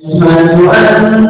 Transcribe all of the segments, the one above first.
أشهد أن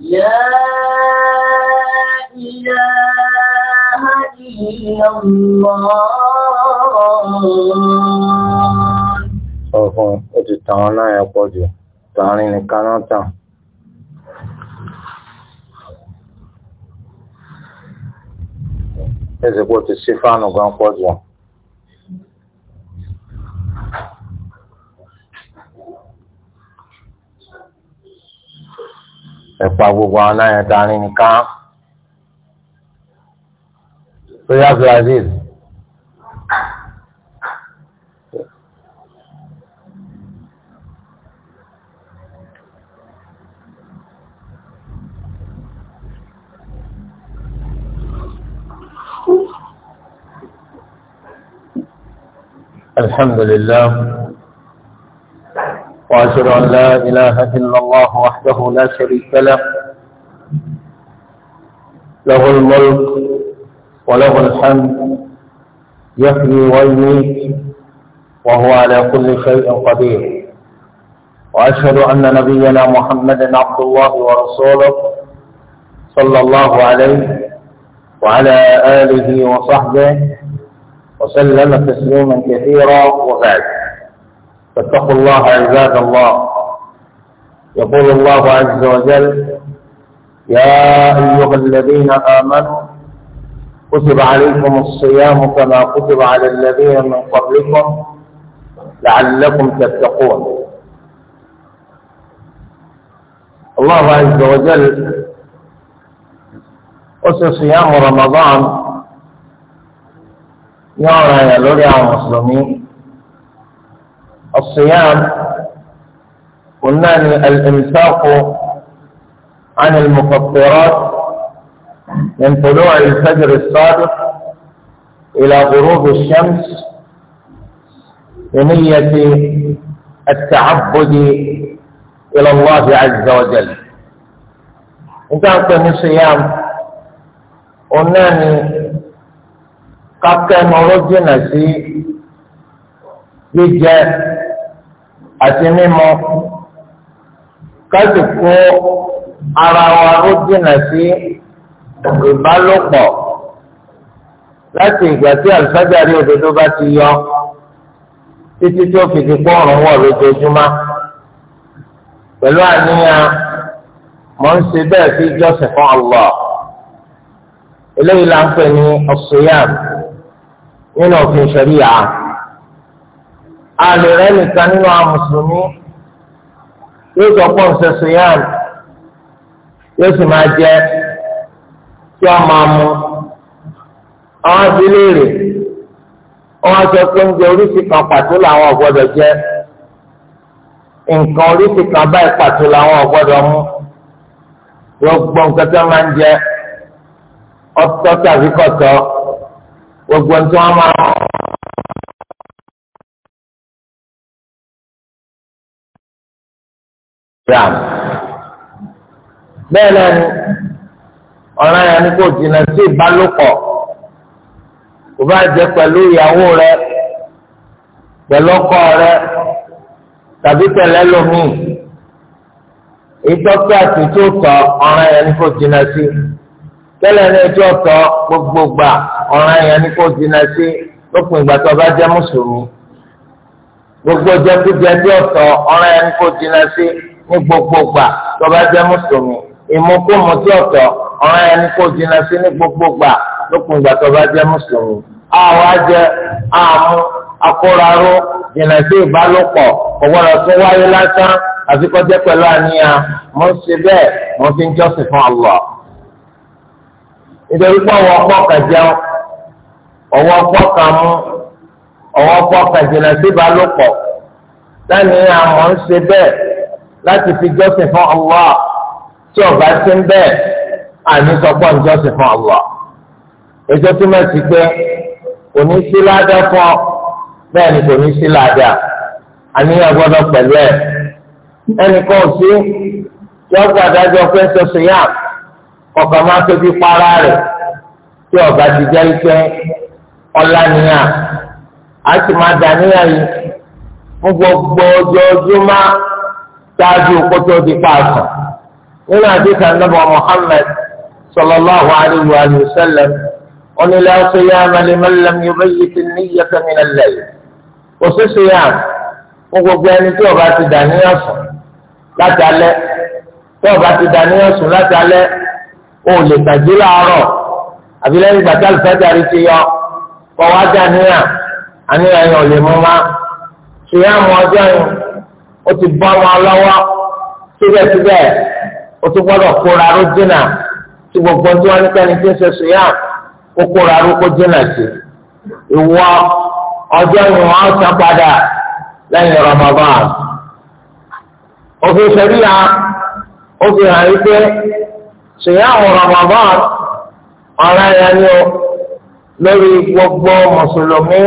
لا إله إلا الله ọ̀fún ètò tàn náà ẹ jù tààrin nìkan náà ti sí gan pọ̀ ẹ̀pà gbogbo àwọn náà yẹn tani nìkan. Sọ́jà Abdulaziz. الحمد لله وأشهد أن لا إله إلا الله وحده لا شريك له له الملك وله الحمد يحيي ويميت وهو على كل شيء قدير وأشهد أن نبينا محمدا عبد الله ورسوله صلى الله عليه وعلى آله وصحبه وسلم تسليما كثيرا وبعد فاتقوا الله عباد الله يقول الله عز وجل يا أيها الذين آمنوا كتب عليكم الصيام كما كتب على الذين من قبلكم لعلكم تتقون الله عز وجل أسر صيام رمضان يرى يا لوري المسلمين الصيام قلنا الانفاق عن المفطرات من طلوع الفجر الصادق إلى غروب الشمس بنية التعبد إلى الله عز وجل إذا كان صيام قلنا قد كان رجنا في jíjẹ àti mímu káṣí kó ara wa ó dènà sí ìbálòpọ̀ láti ìgbà tí àlùfájàrí òdodo bá ti yọ títí tó fi di pọ́ọ̀rùn wọ̀ lójoojúmọ́ pẹ̀lú àníyàn mo ń ṣe bẹ́ẹ̀ sí ìjọsìn fún Allah eléyìí là ń pè ní ọ̀sùnyàm nínú òfin ṣẹ̀ríyà àlè rẹ nìkan nínú àwọn mùsùlùmí yóò sọ pọ̀ ṣẹṣẹ yàn yóò sì máa jẹ kí wọ́n máa mu àwọn abiléèrè wọ́n sọ pé oúnjẹ oríṣi kan pàtó làwọn ò jẹ nǹkan oríṣi kan báyìí pàtó làwọn ò gbọ́dọ̀ yóò gbọ́ nǹkan tí wọ́n máa ń jẹ ọtọ́ tàbí kọ̀tọ́ gbogbo ní tí wọ́n máa ń gram bẹ́ẹ̀ náà ni ọ̀ràn yẹn ni kò jìnnà sí ìbálòpọ̀ kò bá jẹ pẹ̀lú ìyàwó rẹ pẹ̀lú ọkọ rẹ tàbí tẹ̀lẹ́ lómi ìtọ́pẹ́ àti tó tọ́ ọ̀ràn yẹn ni kò jìnnà sí tẹ́lẹ̀ ní ẹjọ́ tọ́ gbogbo gbà ọ̀ràn yẹn ni kò jìnnà sí lópin ìgbà tó bá jẹ́ mùsùlùmí gbogbo jẹ́kújẹ́ tí ọ̀tọ̀ ọ̀ràn yẹn ni kò jìnnà sí ní gbogbo gbà tó bá jẹ́ mùsùlùmí ìmúkúmu tí ọ̀tọ̀ ọ̀ràn ẹni kò jìnnà sí ní gbogbo gbà lókun ìgbà tó bá jẹ́ mùsùlùmí. àwọn ajẹ àmú akóraró jìnnà sí ìbálòpọ̀ ọ̀gbọ́dọ̀ tó wáyé lásán àti kọjá pẹ̀lú àníyàn mo ń ṣe bẹ́ẹ̀ mo fi ń jọ́sìn fún Allah. nítorí pé ọwọ́ ọpọ́ kan jẹun ọwọ́ ọpọ́ kan mú ọwọ́ ọpọ́ kan jìnnà sí ìbálòpọ̀ láníyàn mo ń ṣe bẹ́ẹ̀ láti fi jọ́sìn fún Allah tí ọba ti ń bẹ́ẹ̀ àní sọpọ́ ìjọsìn fún Allah ètò túmọ̀ sí pé kò ní sí ládà fún ọ bẹ́ẹ̀ ni kò ní sí ládà àníyàn gbọ́dọ̀ pẹ̀lú ẹ̀ ẹnìkan sí yọ gbàdájọ pé ń sọ ọkàn máa tóbi para rẹ̀ tí ọba ti jẹ́ ike ọlá a sì máa dà yìí fún gbogbo ojoojúmọ́ ṣáájú kótó di pààtàn nínú àdìsá nàbà Muhammad sallallahu alayhi wa sallam onílẹ̀ ọ̀ṣẹ́yà mẹlẹ́mẹlẹ́m yorùbá yìí ti níyà kẹ́mínà lẹ́yìn òṣìṣẹ́ yà fún gbogbo ẹni tí ó bá ti dàníyàn sùn láti alẹ́ tí ó bá ti dàníyàn sùn láti alẹ́ ó lè tàjú láàárọ̀ àbí gbàtà àlùfáàjáre ti yọ kọ́ wájà níyà àníyàn yẹn ò lè ọjọ́ yẹn ó ti bọ́ wọn lọ́wọ́ síbẹ̀síbẹ̀ ó ti gbọ́dọ̀ kóra ló dínà tí gbogbo tí wọ́n ní kẹ́ni tí ń ṣe sùúyà kó kóra ló kó dínà sí ìwọ ọjọ́ ni wọ́n á san padà lẹ́yìn Ramadan òfin ṣẹ̀ríyà ó fi hàn yí pé sùúyà Ramadan ọ̀ràn yẹn ni ó lórí gbogbo mùsùlùmí.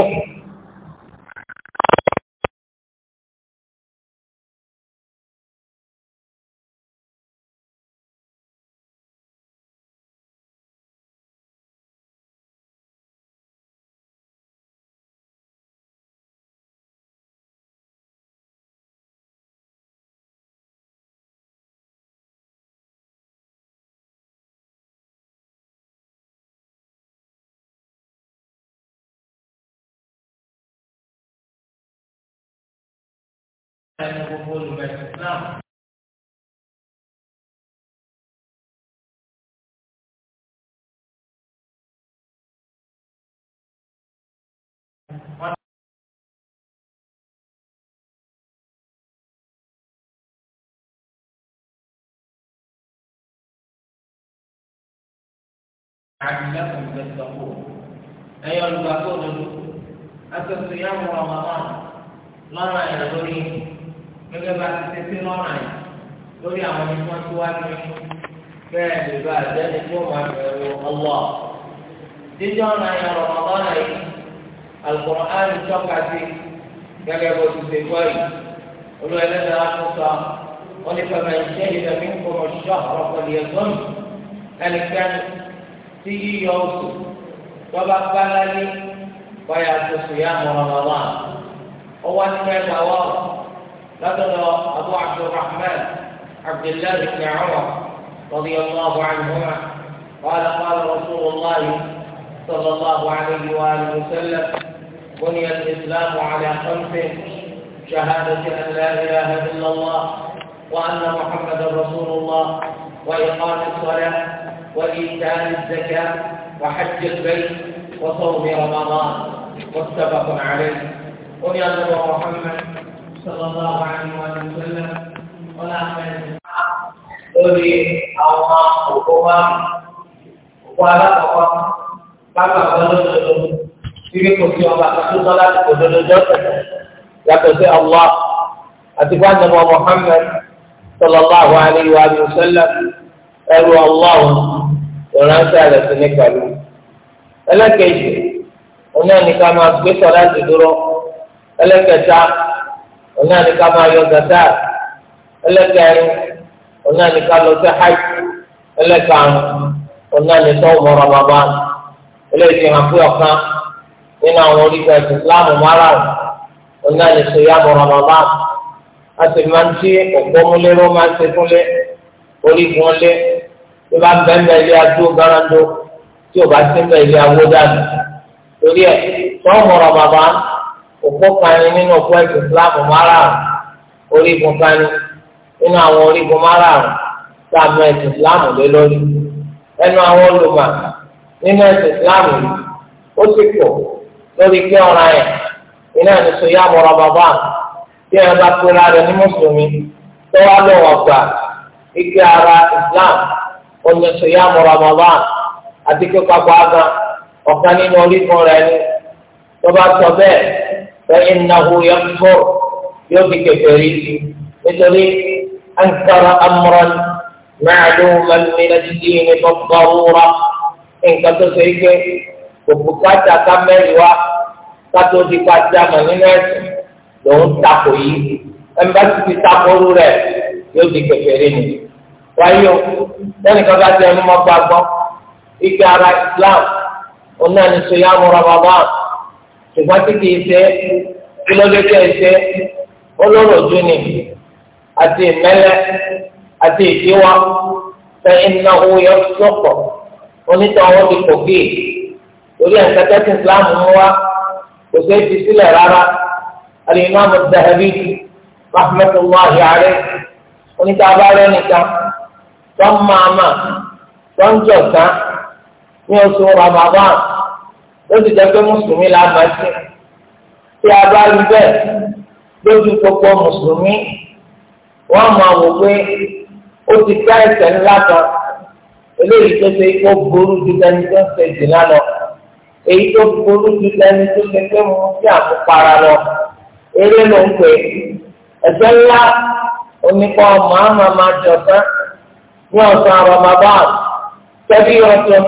ẹnu gbogbo olùmẹ̀sìn تتقون أيها الباقون أتى صيام رمضان لا رأي لدريه gẹ́gẹ́ bá ti tẹ́tí lọ́nà yìí lórí àwọn ẹni tó ń tó wá ní ẹ̀kọ́ bẹ́ẹ̀ lè bá àjẹ́ni tó máa bẹ̀rù ọwọ́. jíjọ́ ọ̀nà yẹn Ramadan yìí Al-Qur'an tọ́ka sí gẹ́gẹ́ bó ti ṣe kọ́ yìí olú ẹlẹ́dàá á sọ wọ́n ní pẹ̀lú ẹ̀ṣẹ́ ìdàmí ń kọ́ ọ̀ṣọ́ ọ̀pọ̀lọpọ̀ ẹ̀gbọ́n ẹnikẹ́ni tí yíyọ بلغ أبو عبد الرحمن عبد الله بن عمر رضي الله عنهما قال قال رسول الله صلى الله عليه وآله وسلم بني الإسلام على خمس شهادة أن لا إله إلا الله وأن محمدا رسول الله وإقام الصلاة وإيتاء الزكاة وحج البيت وصوم رمضان متفق عليه بني الله محمد صلى الله عليه وسلم ولا أحد lórí àwọn òkú wa òkú alákọ̀ọ́kọ́ bábà ọlọ́dọ̀dọ̀ bíbí kò sí ọba tó tọ́ láti kò lọ́dọ̀dọ̀ yàtọ̀ sí Allah àti fáńdàmọ́ Muhammad sallallahu alayhi wa sallam ẹrú Allah ìránṣẹ́ rẹ̀ sí ní pẹ̀lú. ẹlẹ́kẹ̀jì oní ẹnìkan máa gbé sọ láti dúró ẹlẹ́kẹ̀ta ọ̀nà ni ká máa yọ zakat ẹlẹ́kẹ̀rin ọ̀nà ni ká lọ sí hajj ẹlẹ́kàrún ọ̀nà ni sọ́wọ́ mọ́ Ramadan eléyìí hàn fún ọ̀kan nínú àwọn oríṣi ìsìláàmù márùn ọ̀nà ni sọ́yàmù Ramadan a sì máa ń tí ọ̀pọ̀ múlẹ́rọ́ máa ń ṣe fúnlé orígun lé bí bá bẹ́ẹ̀ ilé adó garando tí ò bá sí bẹ́ẹ̀ ilé awó dànù torí ẹ̀ sọ́wọ́ mọ́ Ramadan òpó kan ni nínú òpó ẹ̀sìn Islam márààrún orígun kan ni nínú àwọn orígun márààrún tá a mọ ẹ̀sìn Islam lé lórí ẹnu àwọn olùmọ̀ nínú ẹ̀sìn Islam yìí ó sì pọ̀ lórí kí ọ̀ràn yẹn iná ní sọ yá bàbá kí ẹ bá pera rẹ ní mùsùlùmí tó wá lọ́wọ́ gbà ike ara Islam ó ní sọ yá mọ̀rọ̀ bàbá àti kíkọ́ gbàgbà ọ̀kan nínú orígun rẹ ni tó bá sọ bẹ́ẹ̀. فإنه يكفر يبك كفري مثل أنكر أمرا معلوما من الدين بالضرورة إن كتسيك وبكاتا كملوا kátó di ká tí a mọ̀ nínú ẹ̀sìn lòún takò yìí ẹnbàtí ti takoru rẹ̀ yóò di kékeré ni. wáyé o sẹ́nìkan bá ti ẹnu mọ́ gbàgbọ́ ike ara Islam onáni sọ́yàmù Ramadan ṣùgbọ́n tí kìí ṣe kílódékẹ́ ṣe olóró dúnì àti ìmẹ́lẹ́ àti ìdíwọ́ sẹ́yìn náà ó yọ sọ́kọ̀ onítàn wọn ti kò kí torí àǹkátá tí Islam mú wa kò ṣeé fi sílẹ̀ rárá al-Imam al-Dhahabi rahmatullahi alayhi onítàn tó máa máa tó ń jọ̀ta ní oṣù Ramadan ó sì jẹ́ pé mùsùlùmí là máa ṣe tí a bá rí bẹ́ẹ̀ lójú gbogbo mùsùlùmí wọ́n máa wò pé ó ti ká ẹ̀ṣẹ̀ ńlá kan eléyìí tó ṣe kó burú ju tẹni tó ń ṣe jìnnà lọ èyí tó burú ju tẹni tó ṣe pé mo ti àmupara lọ eré ló ń pè ẹ̀ṣẹ̀ ńlá onípa ọmọ àmà máa jẹ ọ̀sán ní ọ̀sán Ramadan tẹ́bí ọ̀sán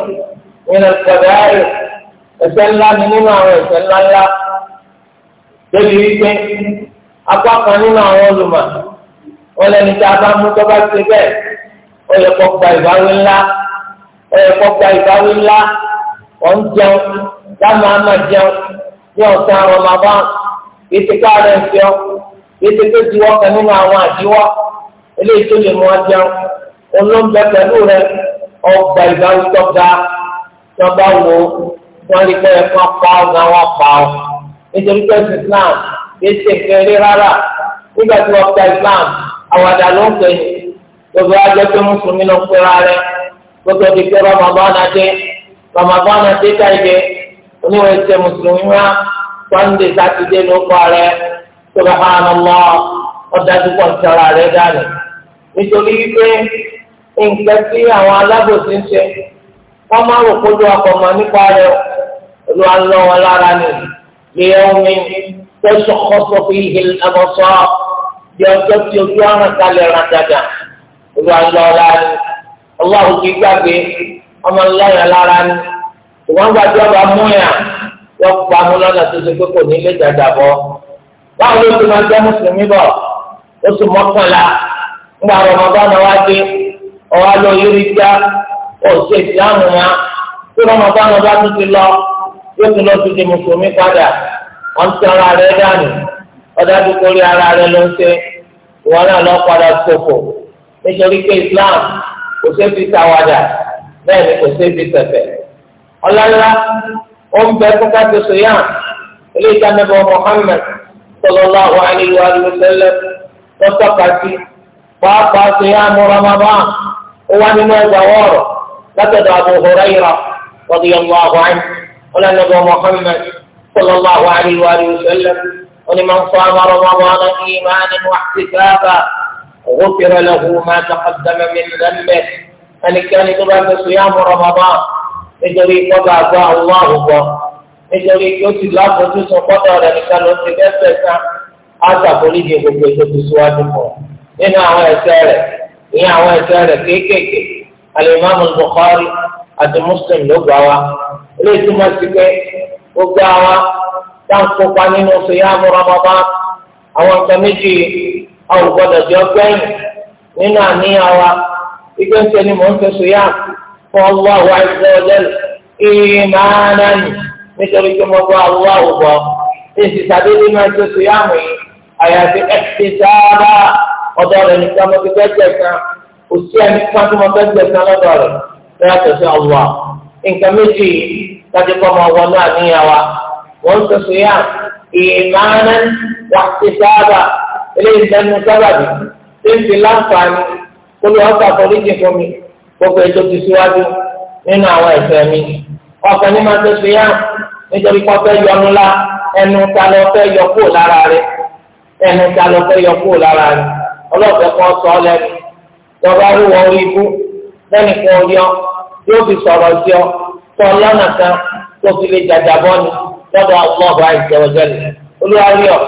nínú ìpàdé ẹ̀ṣẹ̀ ńlá ni nínú àwọn ẹ̀ṣẹ̀ ńlá ńlá débi wípé apá kan nínú àwọn olùmọ̀ wọn lẹni tí a bá mú tó bá ṣe bẹ́ẹ̀ ó yẹ kó gba ìbáwí ńlá ó yẹ kó gba ìbáwí ńlá wọn jẹun dáàmú àmà jẹun ní ọ̀sán àwọn ọmọ abá kì í ti ká rẹ̀ fi ọ́ kì í ti tó diwọ́ kan nínú àwọn àdíwọ́ eléyìí tó lè mú ọ jẹun olóńgbẹ pẹ̀lú rẹ ọgbà ìbáwí tó ga tó bá wò ó wọ́n rí pé ẹ̀fọn pa ọ́ gan wọ́n pa ọ́ nítorí pé Islam kì í ṣe nǹkan eré rárá nígbà tí wọ́n pa Islam àwàdà ló ń pè ní gbogbo ajọ́ pé mùsùlùmí ló ń pera rẹ̀ gbogbo ti pé rọmọbọ́nà dé rọmọbọ́nà dé táyé oníwèé ṣe mùsùlùmí wá sọ́ndé sátidé ló kọ́ rẹ̀ tóbi hàn lọ́ ọ̀dájú pọ̀ sọ̀rọ̀ rẹ̀ dànù nítorí wípé nǹkan tí àwọn alábòsí ń ṣe wọ́n máa rò kójú ọkọ̀ mọ́ nípa rẹ̀ olúwa ń lọ wọn lára ni lè omi tẹsọkọsọ fi hìl ẹbọsọ bí ọjọ́ tí ojú ọ̀ràn kalẹ̀ ràn dada olúwa ń lọ wọn lára ni ọlọ́run kì í gbàgbé ọmọ ńlọrọ̀ lára ni ìwọ́n gbàgbé ọba múyà yọ pa mú lọ́nà tó ṣe pé kò ní lè dàgbà bọ́ báwo ló ti máa jẹ́ mùsùlùmí bọ̀ oṣù mọ́kànlá ńgbà rọmọdán náà wá ọwọ́ àlọ́ yóò rí já ọ̀ṣẹ̀ ìsìlámù wa tí rọmọdán náà bá tún ti lọ yóò tún lọ sí ti mùsùlùmí padà wọn ti ara rẹ dànù ọdá tó kórè ara rẹ ló ń ṣe ìwọ náà lọ padà sòfò nítorí pé Islam kò ṣe fi tàwádà bẹ́ẹ̀ ni kò ṣe fi tẹ̀fẹ̀ ọlọ́lá ó ń bẹ fún káṣí sòyàn ilé ìdánilẹ́bọ̀ Muhammad sallallahu alaihi wa sallam lọ́tọ́ka sí pàápàá sòyàn Ramadan ó wá nínú ẹgbàá wọ́ọ̀rọ̀ látọ̀dọ̀ Abu Hurairah radiyallahu anhu. ولا نبي محمد صلى الله عليه وآله وسلم ولمن صام رمضان إيمانا واحتسابا غفر له ما تقدم من ذنبه أن كان يقبل صيام رمضان nítorí kọ́ba àgbà ọlọ́ àwùjọ nítorí kí ó ti lábòójú sọ kọ́tà rẹ̀ nìkan ló ti dẹ́sẹ̀ sán àtàkùnrídìí gbogbo ètò tó síwájú pọ̀ nínú àwọn ẹ̀ṣẹ̀ rẹ̀ ìyẹn àwọn ẹ̀ṣẹ̀ rẹ̀ kéékèèké alimami Bukhari àti Muslim ló gbà wá ilé ìtumọ̀ sí pé gbogbo àwọn dáńkópa nínú sèyáàmù Ramadan àwọn nǹkan méjì àwọn gbọdọ̀ jẹ́ ọgbẹ́yìn nínú àníyàn wa ìgbẹ́ ń tẹ́ni mò ń fẹ́ sèyáàmù fún Allahu azza wa jalla imanan nítorí pé mo gbọ́ àwọn àwòbọ̀ èsì sàdédé máa ń tó sèyáàmù yìí àyàfi ẹ̀sìn sáábà ọ̀dọ́ rẹ̀ nìkan mo ti fẹ́ tẹ̀ kò sí ẹni kan tó mo fẹ́ tẹ̀ lọ́dọ̀ rẹ̀ lọ́yà tẹ̀sán ọ̀wà nǹkan méjì yìí kájí kọ́ máa wọnú àníyàn wa wọ́n sọ sọ yá ìmáná wà ti sábà eléyìí dánú sábà bí ṣé ń fi láǹfààní kó ló ọ̀sà foríjì fún mi gbogbo ètò ti síwájú nínú àwọn ẹ̀ṣẹ̀ mi ọkàn ní máa sọ sọ yá nítorí kọ́ fẹ́ yọnu lá ẹnu ta lọ fẹ́ yọ kúrò lára rẹ ẹnu ta lọ fẹ́ yọ kúrò lára rẹ ọlọ́ọ̀fẹ́ kan sọ ọ lẹ́nu tọ́ba rúwọ́ orí ibú lẹ́nìkan orí ọ yóò fi sọ̀rọ̀ sí kọ́ na kan tó fi lè jàjàbọ́ ni lọ́dọ̀ ọlọ́ọ̀bù àìjẹwọ́jẹlẹ̀ olúwarí ọ̀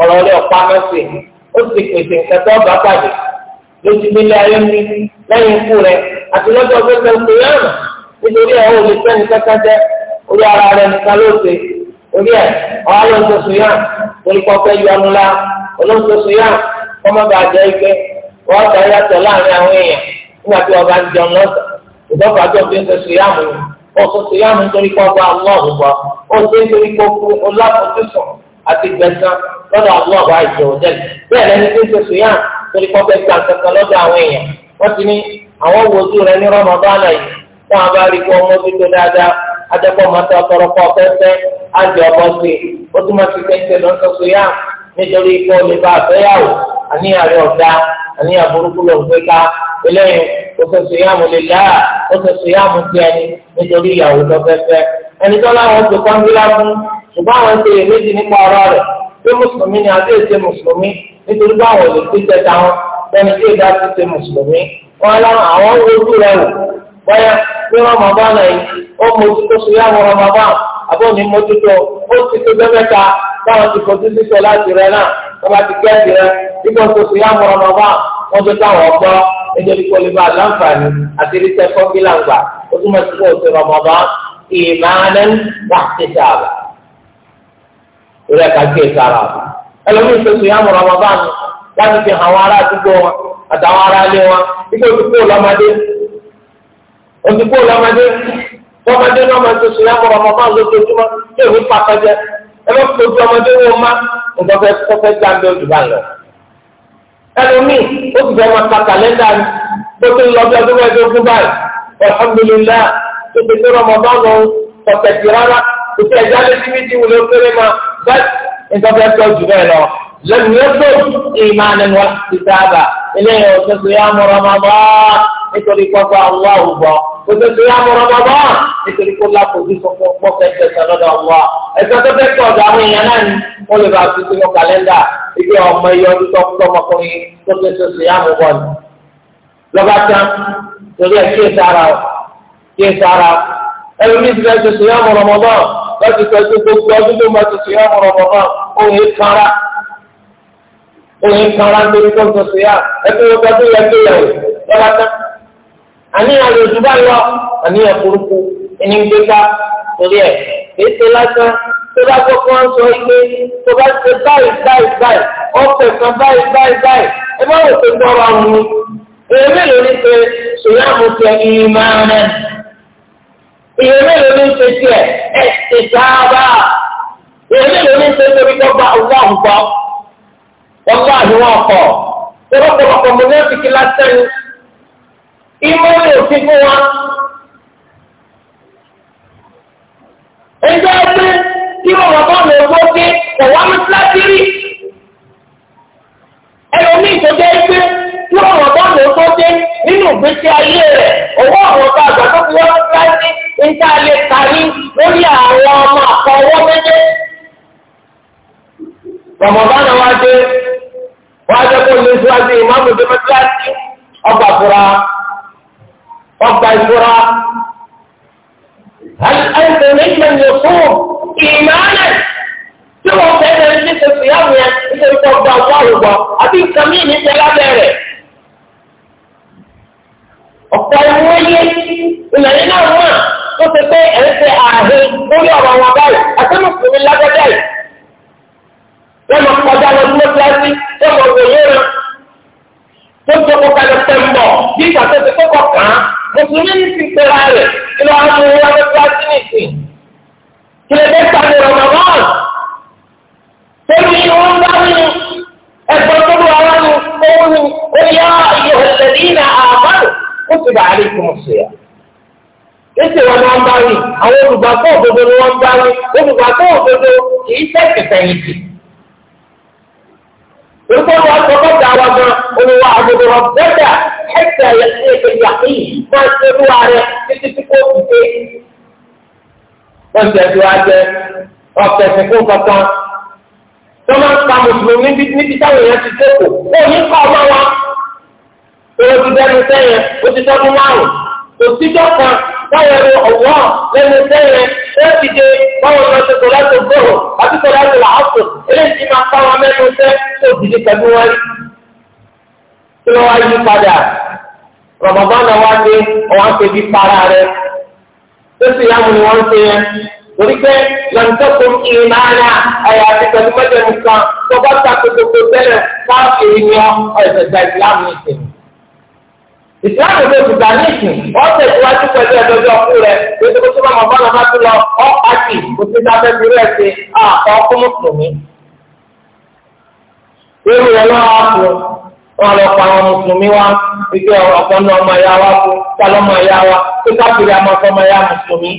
ọ̀rọ̀ rẹ̀ ọ̀pá mẹ́sì ó sì pèsè nǹkan tó pàdé lójú nílé ayé ní lẹ́yìn ikú àti nítorí ẹ̀ ó lè kẹ́kẹ́ orí ara nìkan ló ṣe orí ẹ̀ ọ̀há ló ń ike wọ́n tẹ̀lé àtọ̀ láàrin àwọn èèyàn nígbà tí wọ́n ń jẹun lọ́sàn ọ̀sọ̀ sí yá mi torí kọ́ bá ọlọ́ọ̀bù bá ó dé torí kó kú ọlọ́ọ̀bùsùn àti gbẹ̀sán lọ́dọ̀ ọlọ́ọ̀bù àìjọ òjẹ́lẹ̀ bẹ́ẹ̀ lẹ́ni tí ń ṣe sùn yá torí kọ́ fẹ́ gbà kankan lọ́dọ̀ àwọn èèyàn wọ́n ti ní àwọn wojú rẹ ní rọmọbánà yìí fún abárí kó ọmọ bí tó dáadáa adẹ́kọ̀ọ́ mọ́tò ọ̀tọ̀rọ̀kọ̀ fẹ́fẹ́ àjọ ọkọ̀ àníyàn burúkú ló ń gbé ká eléyìí ó fẹ́ sọ yàmù lè dá ó fẹ́ sọ yàmù tiẹ̀ ni nítorí ìyàwó tó fẹ́ fẹ́ ẹni tó láwọn ti kọ́ńdúrà fún ṣùgbọ́n àwọn ti èméjì nípa ọ̀rọ̀ rẹ̀ pé mùsùlùmí ni àti èsè mùsùlùmí nítorí báwọn lè ti tẹ̀ta wọn lẹ́ni tí èdè àti èsè mùsùlùmí wọn láwọn àwọn ojú rẹ̀ wò bọ́yá bí wọ́n náà yìí ó mọ̀ ojú sọ yàmù Ramadan àbọ̀ ní mójútó ó ti tó gbẹ́mẹ́ta táwọn ti fojú sísọ láti rẹ náà wọ́n bá ti kẹ́ẹ̀sì rẹ nígbà tó fi yá mọ̀ràn náà wá wọ́n tó táwọn ọgbọ́ nítorí kò lè bá láǹfààní àti ríṣẹ́ fọ́ńgílà ń gbà ó túmọ̀ sí kó e o ti rọmọba ìmáàlẹ́ wà ti sàbà ìrẹ́ka kí èso ara wọn. ẹlòmíín tó fi yá mọ̀ràn náà wá láti fi hàn àwọn ará àdúgbò wọn àtàwọn ará ilé wọn ikú òtún kó lọ́mọdé òtún kó lọ́mọdé bọ́mọdé náà máa ń tó sùn yàgò ọmọ máa ń lójoojúmọ́ yóò ní pàkàjẹ ẹ bá fojú ọmọdé wọn má nǹkan fẹ́ fẹ́ jáde ojú bá lọ. ẹlòmíì ó sì fẹ́ máa ka kàlẹ́ndà tó ti lọ bí ọdún mẹ́ẹ̀ẹ́dógún báyìí alhamdulilayi tó ti tó ọmọ bá lọ ọ̀sẹ̀ tì rárá kò sí ẹ̀já lé síbi tí wùlé kéré máa bẹ́ẹ̀ nǹkan fẹ́ tọ́ jù bẹ́ẹ̀ lọ. lẹ́nu yẹn tó ìmọ̀ àná nítorí pọ́pọ́ àwọn àwùjọ kòtò tó yá mọ̀rọ̀ bàbá nítorí kó lápòjú pọ́pọ́ pọ́pọ́ ẹ̀jẹ̀ sọ̀dọ̀ ọ̀wọ́ ẹ̀sọ́ tó fẹ́ tọ̀ ọ̀dọ̀ àwọn èèyàn náà ni wọ́n lè bá a fi sínú kàlẹ́ndà ibi ọmọ iye ọdún tó kọ́ ọmọkùnrin tó fẹ́ tó ṣe yá mọ̀rọ̀ ni. lọ́ba tán torí ẹ̀ kíyè sára o kíyè sára o ẹlòmíì ti fẹ́ tó ṣe yá mọ̀rọ̀ àníyàn lè dùn bá lọ àníyàn burúkú ẹni ń gbé ká torí ẹ̀ kéèké lásán tó bá kọ́kọ́ ń sọ pé tó bá ṣe báyìí báyìí báyìí ọ̀pẹ̀ kan báyìí báyìí báyìí ẹ má wò pé gbọ́ra mu ni èyí mélòó ní ṣe ṣòyàmù tẹ ìrìn máa rẹ èyí mélòó ní ṣe tiẹ̀ ẹ ti dáadáa èyí mélòó ní ṣe torí dọ́gba ọgbà ọgbà ọgbà àdúrà ọkọ̀ tó bá kọ́kọ́ mọ̀ ní ọ̀sìnkì lásán ni ìmọ̀wé òfin fún wa. ẹjọ́ pé kí ọ̀rọ̀ bọ́ọ̀lù ọgbọ́n pé ọ̀wá mọ́sálásí rí. ẹlòmíì tó jẹ́ pé kí ọ̀rọ̀ bọ́ọ̀lù ọgbọ́n pé nínú ìgbésí ayé rẹ̀ owó àwọn ọ̀gá àgbà tó fi wá mọ́sálásí ń tá a lè parí lórí àwọn ọmọ àkọ́wọ́ méjèèjì. Rọ̀mọ̀bánà wá dé wá dé kó lè síwájú ìmáàmù tó mọ́sálásí ọgbà fúra ọgbà ìfura àìsàn méjìlá ni òfin ìmọ̀ọ́nà tí wọ́n fẹ́ lórí ní sọ̀tún yàwó yẹn nítorí tó gba ọgbà òrùbọ̀ àbí nǹkan mí ní tẹ́lá bẹ̀rẹ̀. ọ̀pọ̀ ìwé yé ìlànà náà wà tó ti pé ẹ̀ ń ṣe ààrẹ lórí ọ̀rọ̀ wọn báyìí àti mùsùlùmí lágbẹ́dẹ́ yìí. wọ́n máa kọjá lọ sí mọ́tíláṣí wọ́n máa wòye rẹ̀ tó ń tó kalẹ̀ tẹ̀ ń bọ̀ bí ìgbà tó ti kókò kàn án mùsùlùmí ní ti pera rẹ̀ kí ló wá mú wọn lọ sí nìsín kí lè dẹ́ta ní Ramadan sẹ́yìn wọn bá ní ẹ̀gbọ́n tó bá wà ní òun ní oyá ayò ẹ̀lẹ́dínà àbárò ó ti bàa rí fún ọ̀sẹ̀ Ese wọn ni wọn bá wí, àwọn olùgbàgbọ́ òdodo ni wọn bá wí, olùgbàgbọ́ òdodo kì í sẹ́kẹ̀tẹ̀ yìí. يقول وتقطع وما واعبد ربك حتى يأتيك اليقين ما تدعو عليه تتفقوا في wọ́n ti ẹ̀sìn wájẹ́ ọ̀pẹ̀ ìsìnkú kankan. wọ́n máa ń pa mùsùlùmí níbi táwọn èèyàn ti jókòó ó ní kọ́ ọmọ wa. èrò ti dẹnu sẹ́yìn ó ti tọ́dún márùn-ún kò kan táwọn ọ̀wọ́ lẹ́nu sẹ́yìn ẹ ti dé báwo ni wọ́n ti sọ láti gbòòrò àti sọ láti làásù eléyìí ti máa ń táwọn mẹ́rin sẹ́ tó dìde pẹ̀lú wọn rí. kí ló wá yí padà Ramadan wá dé ọ̀wá ṣe bí para rẹ̀ tó sì yá mu ni wọ́n ṣe yẹn torí pé lọ́nùtọ́kùn ìmáàlà ẹ̀yà àti pẹ̀lú mẹ́jọ nìkan tó bá ta kótópó tẹ́lẹ̀ káàkiri ni ọ ìsìláàmù tó ti gbà ní ìsìn wọ́n tẹ̀síwájú pẹ̀lú ẹ̀dọ́jọ́ ọkú rẹ̀ lóṣù tó bá wọn bọ́lá bá tún lọ ọ́ pàṣẹ kò sí sáfẹ́ fi rẹ̀ ṣe àpá ọkú mùsùlùmí. irú rẹ̀ lọ́wọ́ á fún wọn lọ pa àwọn mùsùlùmí wá wípé ọ̀pọ̀ náà ọmọ ẹ̀yà wa fún kálọ́ ọmọ ẹ̀yà wa tó káfíìrì àmọ́sọ ọmọ ẹ̀yà mùsùlùmí.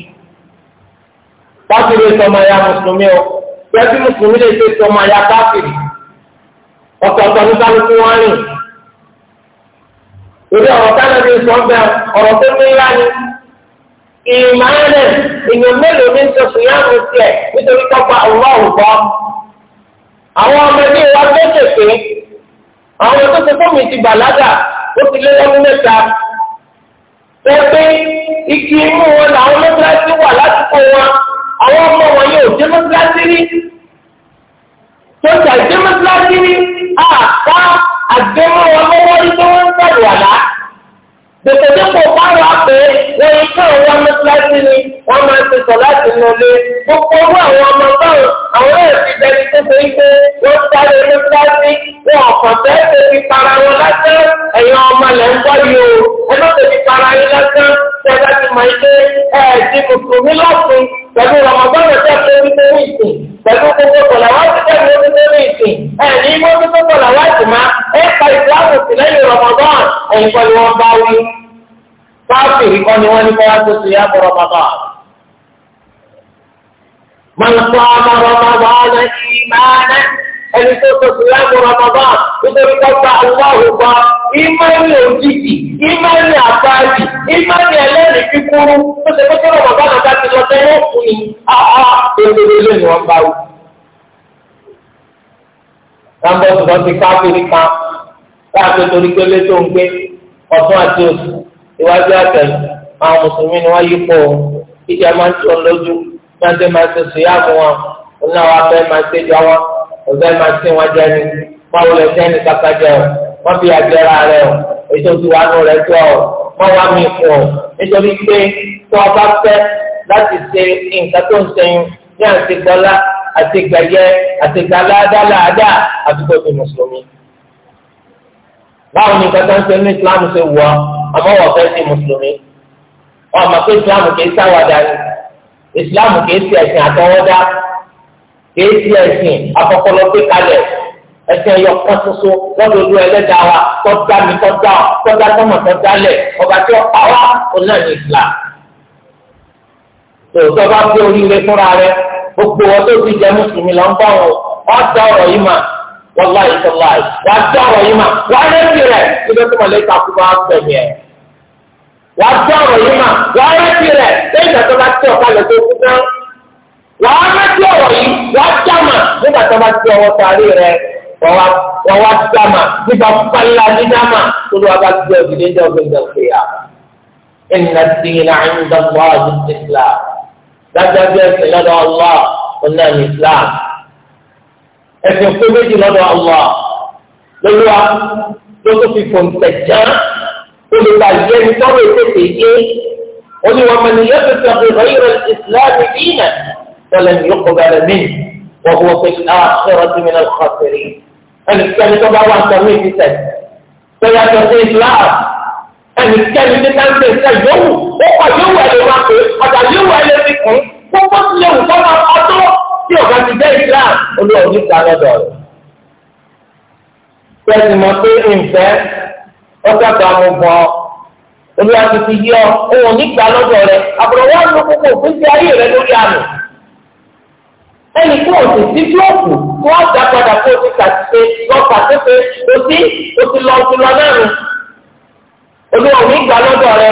káfíìrì sọmọ ẹ̀yà mùsùlùmí o bẹ́ẹ̀ tí mùsùlùmí lè ṣe sọmọ ẹ̀yà káfíìrì ọ̀tọ̀ọ̀tọ̀ ní kálukú wọn rìn torí ọ̀rọ̀ tánàbí sọ́gbà ọ̀rọ̀ tó ní ńlá ni ìmọ̀lẹ̀ èèyàn mélòó ní sọ̀tún yá mi tiẹ̀ nítorí tọ́pa ọlọ́run gbọ́. àwọn ọmọ ilé wa kéékèèké àwọn tó ti fún mi ti bàlágà ó ti lé lọ́dún mẹ́ta. pẹ́pẹ́ igi imú wọn làwọn mọ́tíláṣí wà lásìkò wọn àwọn ọmọ wọn yóò jẹ́ mọ́tíláṣí rí. tó ń tà jẹ́ rí àgbẹ̀mọ́ wọn lọ́wọ́ ní tó ń bẹ̀rù àlá. Dèkòdèkò báwa pé wọ́n yí kí àwọn ọmọ kíláàsì ni wọ́n máa ti sọ láti nù lé. Gbogbo owó àwọn ọmọ báwọn àwọn náà ti dẹni tó ṣe pé wọ́n sáré ní kíláàsì wọn ọ̀kan fẹ́ ṣe fi para wọn lásán. Ẹ̀yin ọmọ lẹ̀ ń bọ́ yìí o, ẹ má ṣe fi para yín lásán. Ṣé ẹ bá ti mọ̀ ẹ́ pé ẹ̀ẹ́dì mùsùlùmí lọ́sùn pẹ̀lú ọmọgbọ́dọ̀ tẹ́ pé ní pé ní ìsìn pẹ̀lú gbogbo kọ̀làwáàtì tẹ́ pé ní pé ní ìsìn ẹ̀ ní mọ́tòtò kọ̀làwáàtì má ẹ̀ ka ìsìláàmù sí lẹ́yìn ọmọgbọ́n ẹ̀yìn pẹ̀lú wọn bá wí. káfí ìkọ́ ni wọ́n ní kọ́ wá tuntun yá bọ̀ rọmọgbọ́n. mọ̀lùkọ́ ọmọ rọmọgbọ́n ẹni tó tó sí láàmú ramadan nítorí kọ́ta aláwọ̀ gba ìmọ̀ni òjijì ìmọ̀ni àbájì ìmọ̀ni ẹlẹ́rìí kíkúrú tó ṣe pé kọ́ta bàbá náà ti lọ sẹ́yìn fún mi áá ebèrè lè ní wọn bá wù. Nàmbọ̀ ṣùgbọ́n ti káfíìrì kan káàtó torí pé lé tó ń gbé ọ̀tún àti òsì ìwájú àtẹ̀yìn àwọn mùsùlùmí ni wọ́n yí pọ̀ ìjà máa ń tún lójú náà ṣe máa ṣe sùn yá ọ̀gá ẹ̀ máa ń sìn wọ́n ni báwo lẹ sẹ́ ní kàkà jẹ́ o wọ́n fi àjẹrà rẹ o ètò ìwànú rẹ tó o wọ́n wá mi fún o nítorí pé tó o bá fẹ́ láti ṣe nǹkan tó ń sẹ́yìn ní àtìgbọ́lá àtìgbẹ̀yẹ àtìgbàládáláadá àdúgbò ti mùsùlùmí. báwo ni nǹkan tó ń sẹ́yìn ní Islam ṣe wù ọ́ àmọ́ wọ́n fẹ́ sí mùsùlùmí ọmọ pé Islam kì í sáwádà ni Islam ṣe ẹ̀sìn àtọwọ́dá kéésì ẹ̀sìn afọkọlọ gbé kalẹ̀ ẹ̀sìn ẹyọ kan ṣoṣo lọdọọdún ẹlẹ́dàá wa tọdá mi tọdá tọdá tọmọ tọdá lẹ ọba tí ó pa wá ọ̀nà ní Islam tòótọ́ bá gbé oríire fúnra rẹ̀ gbogbo ọdún tó ti jẹ mùsùlùmí lọ ń bọ̀ wọn wọ́n dá ọ̀rọ̀ yìí mà wàláyé sọláyé wàá dá ọ̀rọ̀ yìí mà wàá rẹ́sì rẹ̀ ibi tó mọ̀ lẹ́ka kú bá gbẹ̀mí ẹ̀ wàá dá ọ̀rọ̀ yìí mà wàá rẹ́sì rẹ̀ wàá rántí ọ̀rọ̀ yìí wàá jáma nígbà tó bá ti ọwọ́ sáré rẹ wàá wá jáma nígbà pálá nígbàmà tó ló wá bá ti ọ̀gbìn ní ọ̀gbìn ní ọ̀gbìn yà. ẹnìyà ti yìí náà ń dàgbà ọdún islam dájúdájú ẹsẹ̀ lọ́dọ̀ allah ọ̀nà islam ẹsẹ̀ kó méjì lọ́dọ̀ allah lọ́lọ́wà ló fi fòǹtẹ̀ jẹ́ olùkọ́ àyẹ̀ nítorí ètò ìyẹ́ oníwàmọ̀ nìyẹ́ tó ti ولن يقبل منه وهو في الآخرة من الخاسرين ẹnikẹ́ni tó bá wà nǹkan ní ìfisẹ̀ tó yàtọ̀ sí islam ẹnikẹ́ni tí ká ń pè sẹ́ yòówù ó kọ̀ yòówù ẹ̀ lè máa pè àtàlẹ́ yòówù ẹ̀ lè fi kún gbogbo tí yòówù tó máa kọ́ tó tí ọ̀gá ti jẹ́ islam olóòwò ní ìta lọ́dọ̀ rẹ̀. pẹ̀sì mọ̀ pé ìfẹ́ ọ̀gá mu bọ̀ olúwa ti fi yọ ohun nígbà lọ́dọ̀ rẹ̀ àbúrò wọn ló kókó fún ti ayé rẹ̀ lórí àná ẹnì kí wọ́n sì sí tí ó kù kí wọ́n dá padà kó o ti kàtúnṣe lọ kàtúnṣe o ti o ti lọ o ti lọ náà nù. olúwa ò ní gbà lọ́dọ̀ rẹ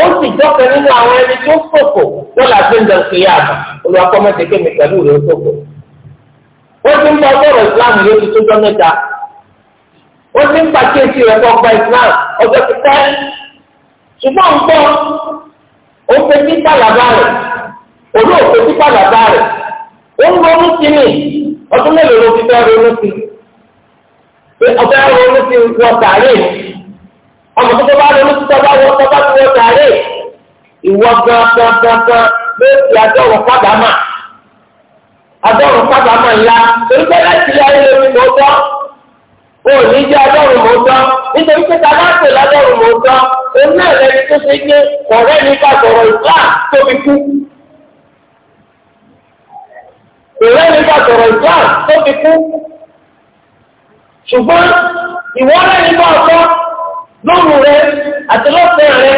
ó sì jọ́kẹ́ nínú àwọn ẹni tó ṣòfò lọ́la gbẹ̀ngàn kìyàmù olúwa kọ́ mẹ́tẹ́ kémi pẹ̀lú rẹ ṣòfò. o ti ń bá ọgọ́rọ̀ Islam yóò ti tó jọ mẹ́ta o ti ń pa kéèsì rẹ̀ kọ́ gba Islam ọjọ́ ti pẹ́ ṣùgbọ́n ń gbọ́ òfin títà làbá rẹ̀ òlú òfin títà ó ń ronú sí mi ọdún mélòó ló fi fẹ́ ronú sí pé ọ̀fẹ́ ronú sí wọ sàárè ọmọ tó bá ronú sí tọ́ba wọ tọ́ba tó wọ sàárè ìwọ gangan ló ti adọ́rùn fàdámà adọ́rùn fàdámà ńlá torí pé láti ilé ayé lórí mò ń tọ́ o ní jẹ́ adọ́rùn mò ń tọ́ nítorí pé tàbá pè ládọ́rùn mò ń tọ́ òun náà lẹni tó ṣe gbé ọ̀rẹ́ mi ká sọ̀rọ̀ ìfúlà tóbi kú ìwé nígbà sọ̀rọ̀ islam tó fi kú ṣùgbọ́n ìwọ́lẹ̀ nígbà ọ̀tọ́ lóru rẹ àti lọ́sẹ̀ rẹ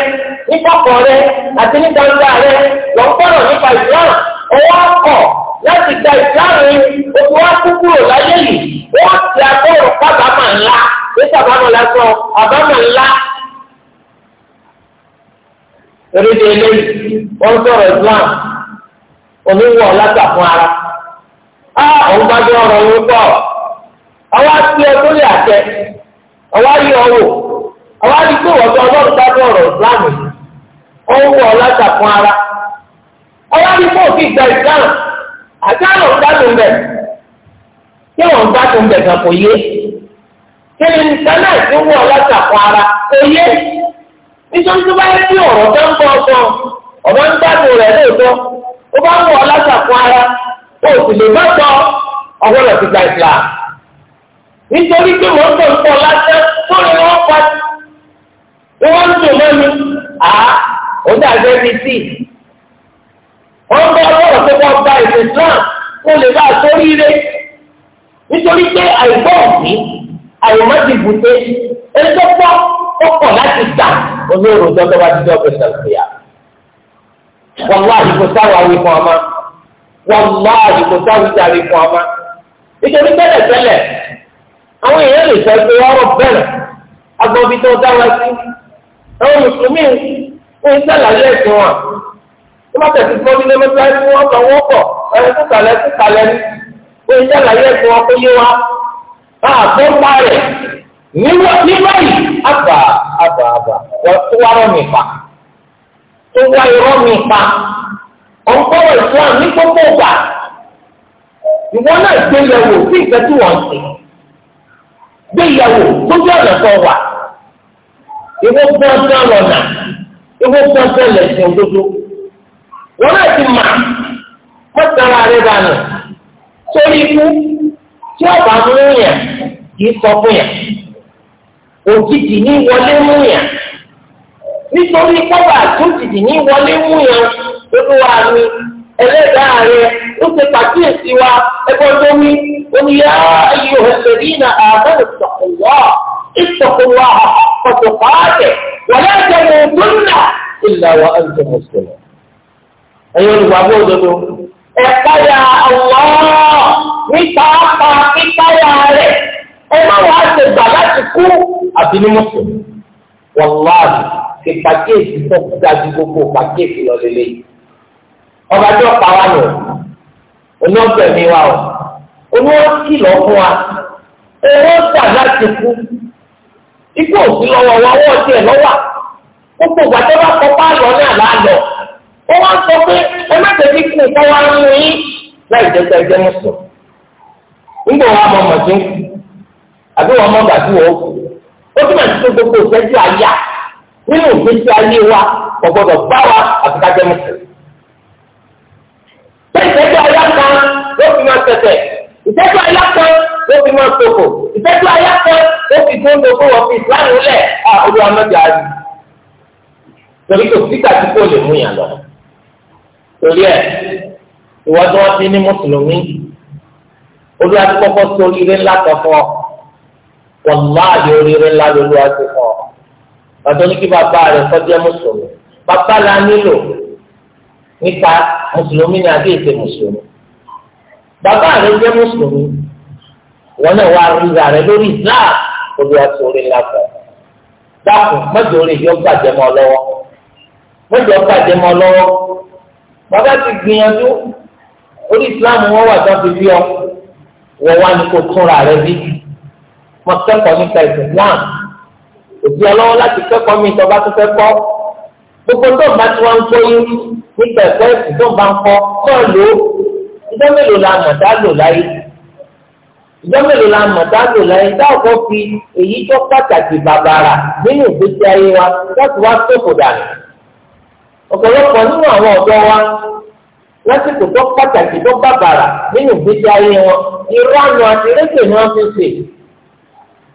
ní kọ̀kọ̀ rẹ àti ní gbangba rẹ wọ́n gbọ́dọ̀ nípa islam ọwọ́ kọ̀ láti gba islam yìí oṣù wa kú kúrò láyé yìí wọ́n ti agbọ́rọ̀ kábàámà ńlá ní sábàámà lásán àbámà ńlá eréde eléyìí wọ́n sọ̀rọ̀ islam oníwọ̀ látàkùn ara. á ah, òun bá jẹ́ ọ̀rọ̀ yín pọ̀ ọwọ́ àti ọdún lè àtẹ ọwọ́ ayé ọwọ́ ọwọ́ àti pé wọ́n tó ọlọ́run dájú ọ̀rọ̀ ìsìláàmù ó ń wọ látàkùn ara ọwọ́ àti pé òfin ìgbà àti kí wọ́n ara kò yé nítorí ọ̀rọ̀ tó ń bọ̀ o sì lè má tọ́ ọgbọ́dọ̀ ti gba Islam nítorí pé wọ́n tó ń tọ́ lásán tó lè wọ́n pa tí wọ́n ń tò lẹ́nu à ó dàgbé mi sí i wọ́n bá ọgbọ́dọ̀ tó wọ́n gba ìsìn Islam kó lè bá a sórí rẹ̀ nítorí pé àìgbọ́ ọ̀sìn àìmọ́dìbùté ẹjọ́ ó pọ̀ láti gbà olóró tó tó bá ti dé ọ̀pẹ̀ sàlùfẹ́yà wọ́n wá àdìgbò sáwà wí fún ọmọ wàláàdì kò sáwìí jáde fún ọmọ. ìṣèlú tẹ́lẹ̀ tẹ́lẹ̀ àwọn èèyàn lè sọ pé ọ̀rọ̀ bẹ̀rẹ̀ agbọ̀nbi tó dára sí àwọn mùsùlùmí ń sàlàyé ẹ̀sìn wọn. wọ́n bá tẹ̀sí fún ọdún lẹ́mẹ́ta ẹ̀sìn wọn kan wọ́n kọ̀ ẹ̀rọ kúkàlẹ̀ kúkàlẹ̀ ní ń sàlàyé ẹ̀sìn wọn kó yé wa. àbọ̀ ń parẹ̀ ní báyìí àbà àbà òun gbọ́dọ̀ islam ní gbogbo ìgbà ìwọ náà gbé ìyàwó sí ìfẹ́ tí wọ́n ń sìn gbé ìyàwó lójú ọ̀nà tó wà ìwọ gbọ́ngàn lọ́nà ìwọ gbọ́ngàn lẹ́sìn òdodo wọn náà ti mà mọ́tara rẹ̀ dànù sórí ikú tí ọba mú yàn kì í sọ fún yàn òjijì ní wọlé mú yàn nítorí kọ́bà àtúntìdì ní wọlé mú yẹn olúwa mi ẹlẹ́dàá rẹ ó ṣe pàkíyèsí wa ẹgbẹ́ tó ní oníyá ayò ẹ̀fẹ̀rínà àbẹ̀rẹ̀ ìtọ̀kùnwá ìtọ̀kùnwá ọ̀tọ̀kọ̀ọ́dẹ̀ wọlé ẹ̀jẹ̀ mọ̀ ọ̀dúnlá ìlàwọ̀ ẹ̀jẹ̀ mùsùlùmí. ẹ̀yin olùgbàgbọ́ òdodo ẹ̀káyà ọ̀wọ́ nípa apá kíkáyà rẹ̀ ẹ má wàá ṣe gbà láti kú àbí ní mùsùlùmí wàláàbí ṣe pàkíyèsí tó dájú gbogbo pàkíyèsí lọ lélẹ̀ yìí ọba tí ọ̀pá wa nù oní ọ̀gbẹ̀ mi wa o oní wọ́n kìlọ̀ fún wa owó gbà láti kú ikú òsì lọ́wọ́ wa owó ọtí ẹ̀ lọ́wọ́ gbogbo gbàtẹ́ bá kọ́ pálọ̀ náà lálọ́ ó wá sọ pé ẹ má tẹ̀lé kí nǹkan wá ń mú yín láì jẹ́ pé ẹjẹ́ mùsùn nígbà wọn mọ̀ mọ̀ sí àbí wọn mọ̀ gbà tí wọ́n ó kú ó túmọ̀ sí pé gbogbo ìṣẹ́jú àyà nínú ìgbésí ayé wa kò gbọdọ̀ bá wa àti ká jẹ́ mùsùlùmí. ìtẹ́jú ayá kan ló fi máa tẹ̀tẹ̀ ìtẹ́jú ayá kan ló fi máa tòkò ìtẹ́jú ayá kan ló fi tó ń lo fún ọ̀fìn ìsìláàmù lẹ̀ olúwa mẹ́jọ ayé. torí kò sí kàtí kò lè mú yàn lọ. torí ẹ ìwọ́dún wọn ti ní mùsùlùmí olúwa ti kọ́kọ́ sórí ire ńlá kan fún ọ wọ́n máa yọ orí ire ńlá lóluwa ti pàtó ní kí bàbá rẹ̀ kọjá mùsùlùmí bàbá la nílò nípa mùsùlùmí ni àbí ètè mùsùlùmí bàbá rẹ̀ jẹ́ mùsùlùmí wọn náà wà rírà rẹ̀ lórí islam olú wa sórí ńlá fún ọ dákun mọ́jọ orí yóò bàjẹ́ mọ́ lọ́wọ́ mọ́jọ bàjẹ́ mọ́ lọ́wọ́ bàbá ti gbìyànjú orí islam wọn wà tó fi bí ọ wọ́n wá ní kó túnra rẹ̀ bí mọ́ kẹ́kọ̀ọ́ nípa ìsìn islam òbí ọlọ́wọ́ láti kẹ́kọ̀ọ́ mi ìtọ́ bá tún fẹ́ kọ́ gbogbo tó ń bá tí wọ́n ń kó yín nípa ẹ̀kọ́ ẹ̀sìn tó ń bá ń kọ́ kọ́ lò ó mélòó la mọ̀ tá lò láyé ìjọ mélòó la mọ̀ tá lò láyé tá ò kọ́ fi èyí tó pàtàkì bàbàrà nínú ìgbésí ayé wa láti wá sóko dànù ọ̀pọ̀lọpọ̀ nínú àwọn ọ̀dọ́ wa lásìkò tó pàtàkì tó bàbàrà nínú ìgbésí ayé wọn ìrọ̀ àná àti rédíò ni wọ́n fi ṣe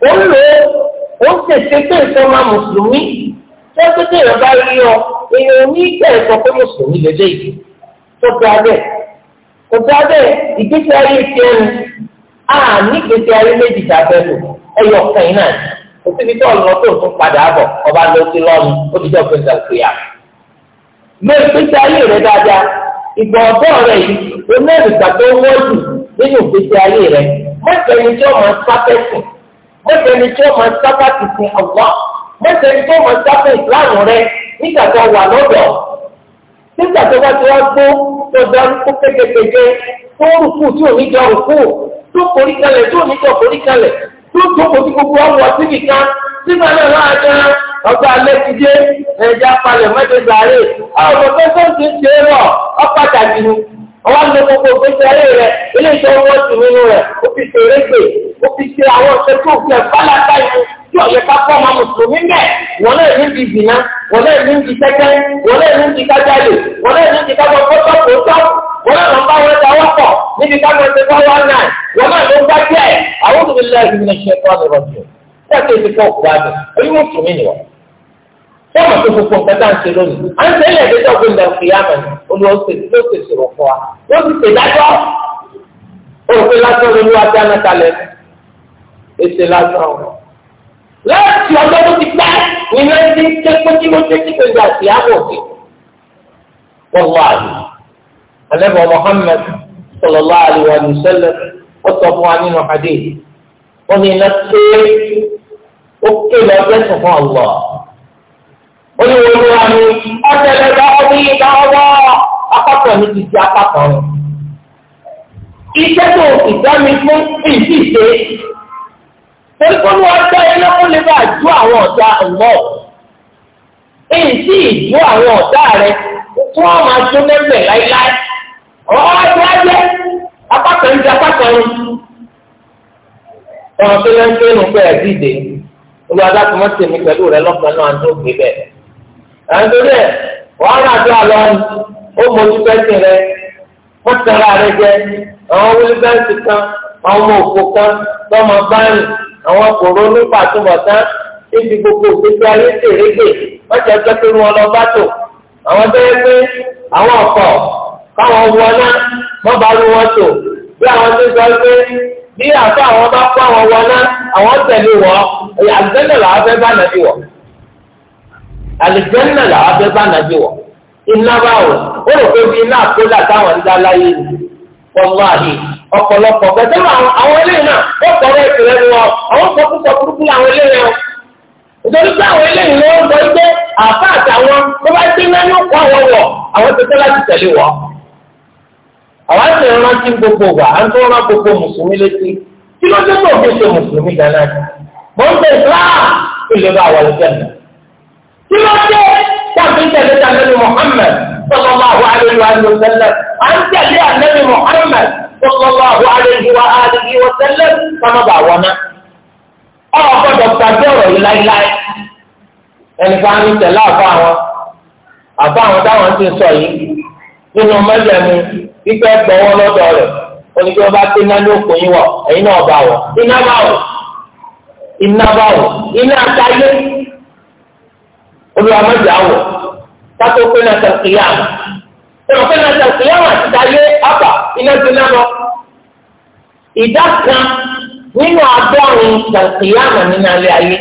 ó ń lò ó ó ń tètè pé nǹkan máa mùsùlùmí tó ń tètè yọ̀ bá rí ọ èèyàn ní bẹ́ẹ̀ sọ pé mùsùlùmí lélẹ́ yìí tó dá bẹ́ẹ̀ kò dá bẹ́ẹ̀ ìgbésí ayé ti ẹnu a ní ìgbésí ayé méjì dábẹ́ lò ẹyọ ọ̀kan yìí náà kò síbi tó ọ̀nà tó tún padà bọ̀ ọba lọ sí lọ́nu ó ti jẹ́ òpin ìdàgbéyà lọ ìgbésí ayé rẹ dáadáa ìgbà ọ̀dọ́ rẹ yìí ó mẹ́rin ìgbà tó wọ́n jù nínú ìgbésí ayé rẹ mọ́tò ẹni tí ó mọ̀tẹ́ ni tí ó máa sábà ti sin Allah mọ̀tẹ́ ni tí ó máa sábà ìsìláàmù rẹ nígbà tó wà lọ́dọ̀ nígbà tó bá ti wá gbó tó dá kó kékeré tó rúkú tí ò ní jọ rúkú tó forí kalẹ̀ tó ní jọ forí kalẹ̀ tó tó kò tí gbogbo ọ̀wọ́ síbi kan síbi àná náà jẹ́ ọgbà alẹ́ ti dé ẹ̀jẹ̀ apalẹ̀ mẹ́tẹ̀ẹ̀dàrẹ́ àwọn ọ̀dọ́ tó ń ti ń ṣe é rọ̀ ọ́ pàtàkì ni ọwọ́ ní gbogbo ìgbésẹ̀ ayé rẹ̀ ilé ìjọ owó ti nínú rẹ̀ ó fi fèrè gbè ó fi ṣe àwọn ọ̀sẹ̀ tó fẹ́ pálátá inú tí ọ̀yẹ́ ká fọ́ ọmọ mùsùlùmí mẹ́ wọ́n náà ní ti dìná wọ́n náà ní ti tẹ́tẹ́ wọ́n náà ní ti kájálè wọ́n náà ní ti kájọ fọ́tọ̀ fọ́tọ̀ wọ́n náà lọ́n bá wọn ta wọ́pọ̀ níbi kájọ ti fọ́ wọn náà wọ́n náà ló gbá díẹ̀ àwọn òbí wọ́n mọ̀ tó gbogbo nǹkan tá à ń ṣe lónìí. à ń tẹ́lẹ̀ ẹ̀dẹ́jọ́ gbé lọ fi yàmọ̀ ní olùwọ́sẹ̀ ló ṣe ṣòro fún wa. ó ti ṣèdájọ́ òfin lásán ló wá dáná kalẹ̀ èsè lásán o. láti ọjọ́ tó ti pẹ́ ní náà ti ń ké pé kí ló dé tí gbèsè àti yàmọ̀ òkè. wọ́n wá àlè. àlẹ́bọ̀ Muhammad sallallahu alaihi wa sallam ó sọ fún wa nínú hadith. ó ní iná ké ó ké lọ olùwòlúwa mi ọ̀sẹ̀lẹ̀ dáwọ́ bí dáwọ́ apákan mi ti di apákan rẹ̀. iṣẹ́ tó sì dá mi fún ìdí ìṣe. olùkọ́lùwà dá iná fún lébà ju àwọn ọ̀tá ọ̀wọ́. èyí ju àwọn ọ̀tá rẹ̀ tí wọ́n máa jó mẹ́fẹ̀ láíláí. ọ̀rọ̀ ajé ajé apákan di apákan rẹ̀. ọ̀rọ̀ tó lẹ́ńkẹ́ nù pé ẹ̀ dìde olùwàdàkùnmọ́sẹ̀mí pẹ̀lú rẹ̀ lọ́kàn náà ń tó gbé bẹ́ẹ̀. ẹnudẹ wàá rà tó àlọ ó mójú pẹ́ǹtì rẹ wọ́n tẹ̀ra rẹ àwọn pẹ́ǹtì kan àwọn kan tọmọ báyìí àwọn kòró nípa gbogbo ayé wọ́n ti lọ bá tò àwọn bẹ́ẹ̀ pé àwọn ọ̀pọ̀ káwọn wọ́n bá tò bí àwọn tó sọ pé bí àwọn bá kó àlùjẹ́nà làwọn fẹ́ bá nàbí wọ̀ iná bá wọ̀ ó rò pé bí iná àkólà táwọn ń dá láyé ni wọ́nláhì ọ̀pọ̀lọpọ̀ pẹ̀tẹ́ àwọn eléyìí náà wọ́n kọ̀ọ̀rọ̀ ìpìlẹ̀ ni wọn àwọn sọkúsọ burúkú làwọn eléyìí wọn. nítorí pé àwọn eléyìí ni wọ́n sọ pé àbá àtàwọn tó bá dé náà yóò kọ́ àwọn wọ̀ àwọn tẹ́tẹ́ láti tẹ̀lé wọ́. àwọn àti ìrántí gbogbo wà á ń tó rán gbogbo mùsùlùmí létí kí ló dé tó fi ṣe mùsùlùmí gan-an. mọ̀ ń bẹ̀ kí ló dé tàbí tẹ̀lé tàbí Muhammad sallallahu alaihi wa sallam à ń tẹ̀lé ànábì Muhammad sallallahu alaihi wa alihi wa sallam sábàbà wọná. ọ̀rọ̀ gbọ́dọ̀ gbàgbé ọ̀rọ̀ yìí láíláí ẹnì kan ń tẹ̀lé àbá wọn àbá àwọn táwọn ti sọ yìí nínú mẹ́jẹ̀mú pípẹ́ gbọ́wọ́ lọ́dọ̀ rẹ̀ oníkẹ́ bá ti olùwà má jà wọ̀ kátó pé náà sàkìyà ẹ̀rọ pé náà sàkìyà wà ti dayé àpà iná ti ná lọ. ìdá kan nínú àádọ́rin sàkìyà mà nínú alẹ́ ayé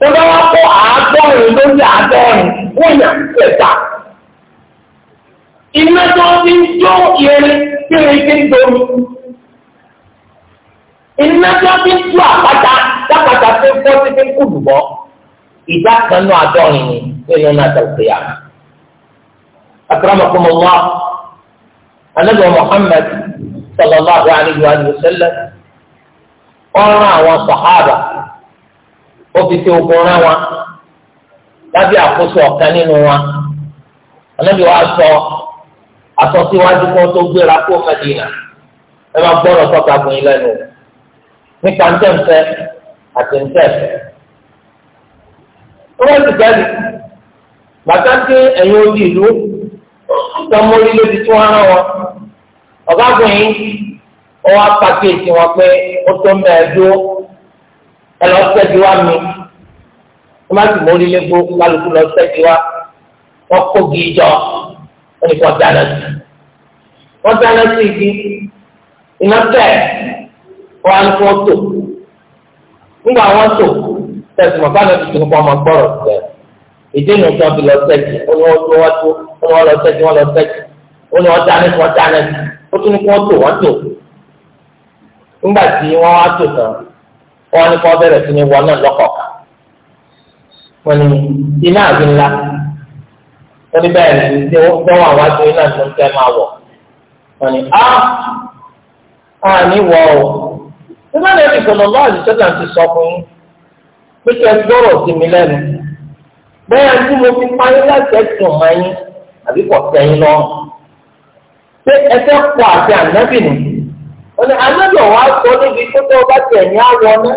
tó bá wá kó àádọ́rin lórí àádọ́rin wọ́n yà ń tẹ̀ta iná tó fi ń jó irin tí irin ti ń domi. iná tó fi ń jó àpáta dápàtà tó fọ́ sí fi ń kùdù bọ́ ìdá kan náà àdọ́rin ni nínú náà tẹ̀sí yá. akramakum Allah anabi muhammad sallallahu alayhi wa sallam wọ́n rán àwọn sàhábà ó fi ṣe ogun rán wọn lábẹ́ àkóso ọ̀kan nínú wọn anabi sọ àsọsíwájú kan tó gbéra kó Madina ẹ máa gbọ́dọ̀ sọ́ka fún lẹ́nu nípa ntẹ́ǹfẹ́ àti ntẹ́ǹfẹ́ wọ́n ti jáde bàtà dé ẹ̀yìn ojú ìlú sọmọlí lóbi tí wọ́n rán wọn ọ̀gágun yìí wọ́n wá pàkéjì wọn pé ó tó mẹ́ẹ̀ẹ́dúró ẹ lọ sẹ́jú wá mi wọ́n bá sì mórí légbó kálukú lọ sẹ́jú wá wọ́n kó gi jọ wọ́n ní kó dáná sí wọ́n dáná sí igi iná tẹ̀ wọ́n á ní kó tó nígbà wọ́n tó tẹsí mọ fáwọn ẹbí tuntun kọ ọmọ gbọrọ sílẹ̀ ìdí nu tí wọn fi lọ sẹẹkì ó ní wọn tó wọn tó ó ní wọn lọ sẹẹkì wọn lọ sẹẹkì ó ní wọn dáná kí wọn dáná ó tún ní kí wọn tó wọn tó nígbà tí wọn wá tó tán wọn ní kí wọn bẹ̀rẹ̀ sí ní wọn náà lọkọọkan wọn ni iná àbí ńlá wọn ní bẹ́ẹ̀ ní tí wọn wà wá tó iná tó ń tẹ máa wọ wọn ni á á ní wọ o ìbáraẹni sọlọ lọ àdìsọ ti sọ fún yín pé kí ẹ gbọ́rọ̀ sí mi lẹ́nu bẹ́ẹ̀ tí mo fi parí láti ẹ̀sùn mọ́ yín àbí kò tẹ́yìn lọ. pé ẹ fẹ́ kọ àti ànábì nì wọ́n ní ànábì ọ̀wá sọ níbi tó tó bá tẹ̀ ní àwọ̀ náà.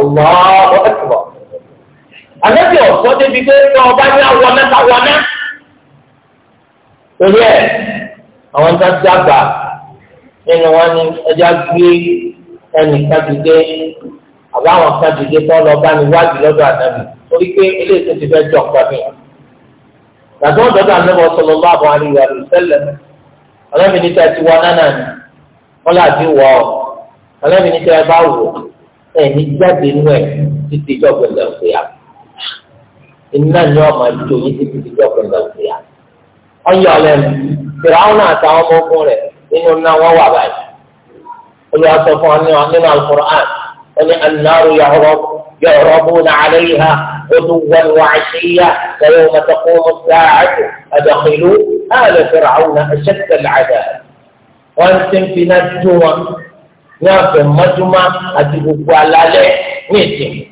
Allahu akbar. Ànábì ọ̀sọ́ débi tó tó ọba ní àwọ̀ mẹ́ta wọ̀ náà. torí ẹ̀ àwọn tó dábàá nínú wọn ni ẹja gbé ẹnìkan ti dé. àbáwọn kan dìde kọ́ lọ bá mi wájú lọ́dọ̀ ànábì torí pé eléyìí tó ti fẹ́ jọ nǹkan mi. gbàtọ́ ọ̀dọ́dọ̀ ànábì sallallahu alaihi wa sallam ọlọ́mìnira ti wọ nánà ni wọ́n là ti wọ̀ ọ́ bá wò jáde ẹ̀ títí ìjọba النار يهرب يهربون عليها غدوا وعشية ويوم تقوم الساعة أدخلوا آل فرعون أشد العذاب وانتم في نجوة نافم مجمع أتبقوا على ليه ميتم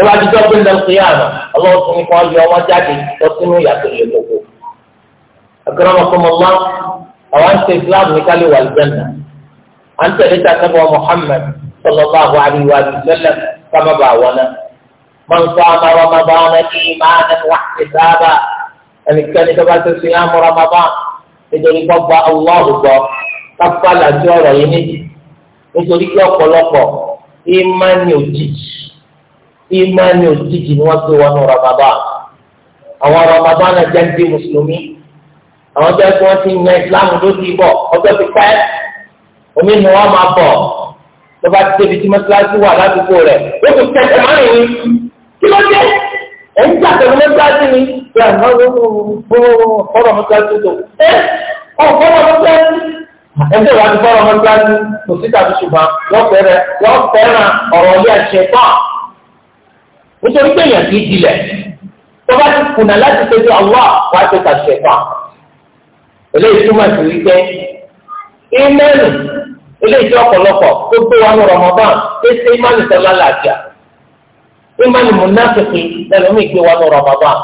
وبعد ذلك من القيامة الله سبحانه وتعالى يوم جادي تصنوا يا سيدكم أكرمكم الله أو أنت إسلام نكالي والجنة أنت إذا تبوى محمد sallallahu alaihi wa sallam kama bá wọn náà man sama ramadana imanan wa ihtisaba ẹnikẹ́ni tó bá ti sùn yá mu ramadan nítorí kó gba allah gbọ́ kápá làti ọ̀rọ̀ yìí níbi nítorí kí ọ̀pọ̀lọpọ̀ ìmánì òjijì ìmánì òjijì ni wọ́n gbé wọnú ramadan àwọn ramadan náà jẹ́ ń mùsùlùmí àwọn jẹ́ kí wọ́n ti yan islam lójú ibọ̀ tó bá ti débi tí mọ́sálásí wà ládùúgbò rẹ̀ ó kò tẹ̀sẹ̀ máa rìn ní kí ló dé ẹ̀ ń jà pẹ̀lú mọ́sálásí ni pé àná fọ́rọ̀ mọ́sálásí tó ẹ́ ọ̀ fọ́rọ̀ mọ́sálásí ẹgbẹ́ wa ti fọ́rọ̀ mọ́sálásí kò sí tàbí ṣùgbọ́n wọ́n fẹ́rẹ̀ wọ́n fẹ́ràn ọ̀rọ̀ ilé ẹ̀ṣẹ̀ tán nítorí pé èèyàn kì í dilẹ̀ tó bá ti kùnà láti ṣe ti ọwọ́ wá ti tàṣẹ̀ tán eléyìí túmọ̀ sí wípé ímẹ́lì eléyìí ọ̀pọ̀lọpọ̀ tó gbé wa ní Ramadan tó ṣe imáni sọlá làjà imáni múnáfìkì lẹ́nu mi gbé wa ní Ramadan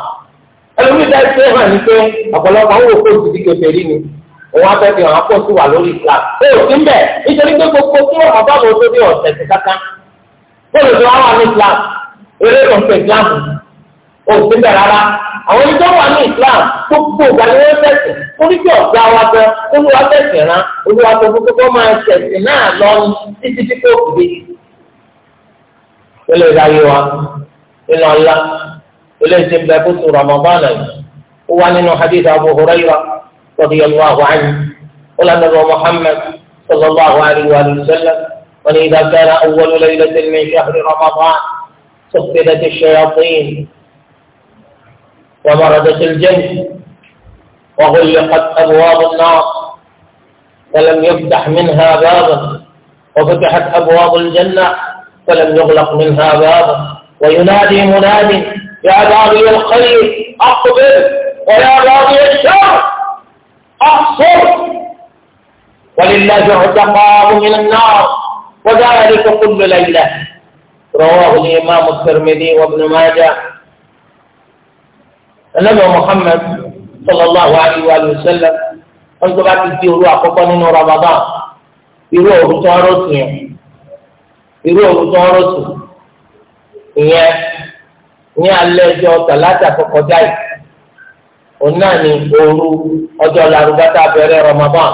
ẹlòmíì dá ṣe hàn ní pé ọ̀pọ̀lọpọ̀ àwọn òkú òsì ti gbèsè rí ni òun abẹ́bí àwọn akọ́ sí wà lórí Islam ṣé o ti ń bẹ̀ nítorí pé gbogbo kí Ramadan ló tó dé ọ̀sẹ̀ ti kankan bóòlù tó wà wà ní Islam eré ló ń òfin bẹ̀ rárá àwọn ẹni tó wà ní Islam tó gbó ìgbàlódé tẹ̀sìn oníṣẹ́ ọ̀gá wa gan olúwa tẹ̀sìn rán olúwa tó gbogbo kó máa tẹ̀sìn náà lọ títí tí kò fi ilé ìdáyé wa nínú ọlá ilé ìsìnbẹ kó sùn Ramadan yìí ó wá nínú hadith Abu Hurairah radiyallahu anhu ọlànà bọ Muhammad sallallahu alayhi wa sallam wọn ni idha kana awwal laylatin min shahri Ramadan sọfẹdẹtì shayatin. ومردت الجنة وغلقت أبواب النار فلم يفتح منها بابا وفتحت أبواب الجنة فلم يغلق منها بابا وينادي منادي يا باغي الخير أقبل ويا باغي الشر أقصر ولله عتقاه من النار وذلك كل ليلة رواه الإمام الترمذي وابن ماجه ẹlẹ́bẹ̀ Muhammad sallallahu alaihi wa sallam wọ́n tó bá ti di òru àkọ́kọ́ nínú Ramadan irú òru tó ń rọ̀sùn yẹn irú òru tó ń rọ̀sùn ìyẹn ní alẹ́ ẹjọ́ tàlátà tó kọjá yìí òun náà ní òru ọjọ́ làrúbá tá a bẹ̀rẹ̀ Ramadan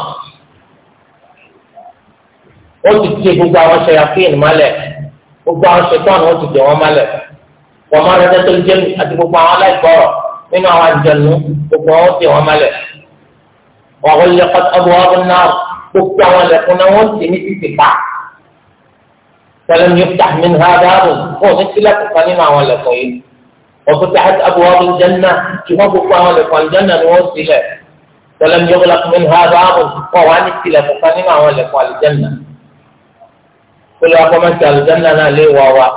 ó ti di gbogbo àwọn ṣẹyàfíìn mọ́lẹ̀ gbogbo àwọn ṣẹtọ́ọ̀nù ó ti dè wọ́n mọ́lẹ̀ wọ́n máa rẹ́ tẹ́tọ́ jẹ́ àti gbogbo àwọn aláìgbọ́rọ̀. nínú àwọn àjẹnú gbogbo àwọn tì wọn malẹ̀ wàhùn lẹkọt abwaabun nar gbogbo àwọn lẹ̀kùn náà wọn tì ní títì pa sẹlẹm yóò tà mí ní hàdáàbò wọn ní sílẹ̀ kọkàn nínú àwọn lẹ̀kùn yìí wọn kò tàhẹt abwaabul janna ṣùgbọ́n gbogbo àwọn lẹ̀kùn àlùjẹnà ni wọn sílẹ̀ sẹlẹm yóò gbọlá kọmí ní hàdáàbò wọn wà ní sílẹ̀ kọkàn nínú àwọn lẹ̀kùn àlùjẹnà kólé akọmọsí àlùjẹnà náà lé wàwà.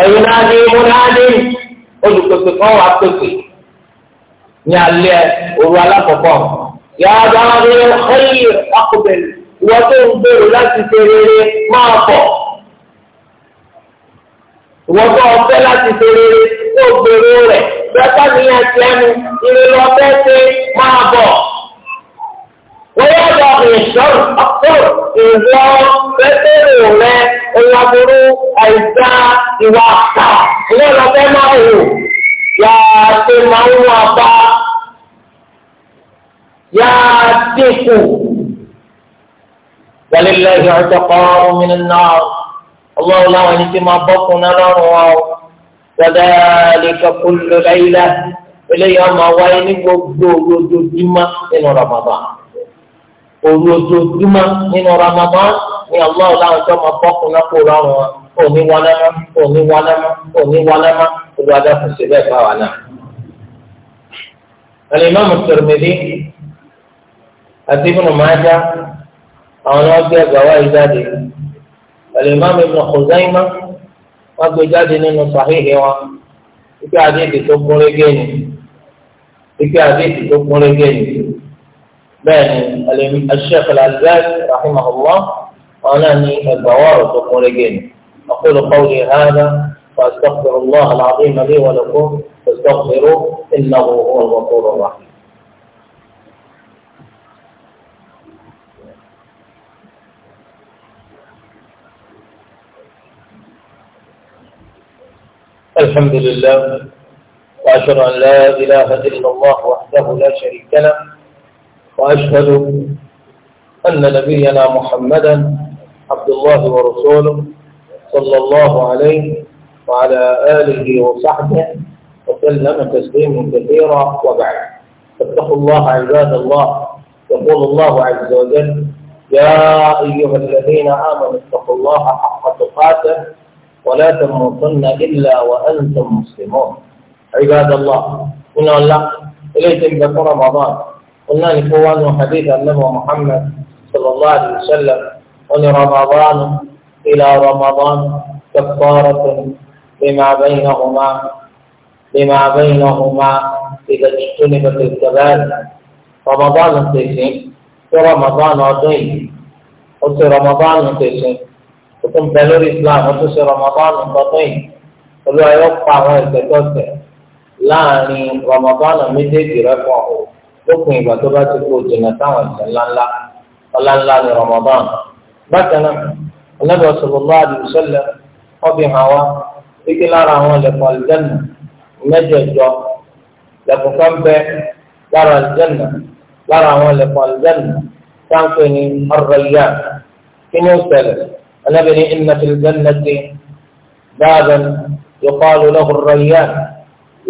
وينادي مناد olùpèsè kan wà pèsè ní alẹ́ òru alákọ̀ọ́kọ́ yàrá dáná ní ọ̀hìn akọ̀bẹ̀rẹ̀ wọ́n tó ń gbèrò láti ṣe rere máa pọ̀ wọ́n tó ọ̀fẹ́ láti ṣe rere tó gbèrò rẹ̀ bẹ́ẹ̀ ní ẹ̀sìn ẹnu ìrìnlọ́fẹ́ ṣe máa bọ̀. wọ́n yá من الشر أكثر إنذار فتر ولا الأمر أيضا يوقع ولا تمعه يا تمعه وابا يا ديكو ولله اعتقاء من النار الله لا ونسمع بطنا لروا وذلك كل ليلة إليها ما وين قد دوجو جمع إلى رمضان òru ojoojúmọ́ nínú Ramadan ni Allah láwọn tó máa bọ́kùn náà kó lọ́rùn wọn òní wọlẹ́mọ́ òní wọlẹ́mọ́ òní wọlẹ́mọ́ olùwàdà kò sí bẹ́ẹ̀ báwa náà. Al-Imam Tirmidhi àti Ibn Majah àwọn ni wọ́n gbé yìí jáde Al-Imam Ibn Khuzaimah wọ́n gbé jáde nínú Sahihi wọn ìpè àdéhìí tó kún régé ni ìpè àdéhìí tó kún régé ni. bẹ́ẹ̀ni الشيخ العزاز رحمه الله وأناني البوارث والمرجين أقول قولي هذا وأستغفر الله العظيم لي ولكم فاستغفروه إنه هو الغفور الرحيم الحمد لله وأشهد أن لا إله إلا الله وحده لا شريك له وأشهد أن نبينا محمدا عبد الله ورسوله صلى الله عليه وعلى آله وصحبه وسلم تسليما كثيرا وبعد فاتقوا الله عباد الله يقول الله عز وجل يا أيها الذين آمنوا اتقوا الله حق تقاته ولا تموتن إلا وأنتم مسلمون عباد الله إن الله إليكم ذكر رمضان قلنا لكوان وحديث النبي محمد صلى الله عليه وسلم أن رمضان إلى رمضان كفارة لما بينهما لما بينهما إذا اجتنبت الكبائر رمضان التيسين في رمضان عظيم قلت رمضان التيسين وكم بلور إسلام قلت رمضان التيسين قلت يوقع ويتكسر لا يعني رمضان متى رفعه lókun ìgbà tó bá ti kó jìnnà táwọn ẹ̀ṣẹ̀ ńláńlá ọláńlá ní Ramadan bákan náà Ànábì sallallahu alaihi wasallam ọbẹ hàn wá kíkí lára àwọn ẹlẹkùn àlùjẹnà mẹ́jẹ̀ẹ̀jọ lẹkùn kan bẹ lára àlùjẹnà lára àwọn ẹlẹkùn àlùjẹnà sáńpẹ ní ọrọyà kí ni ó ṣẹlẹ̀ Ànábì ní inna fil jannati baban yuqalu lahu ar-rayyan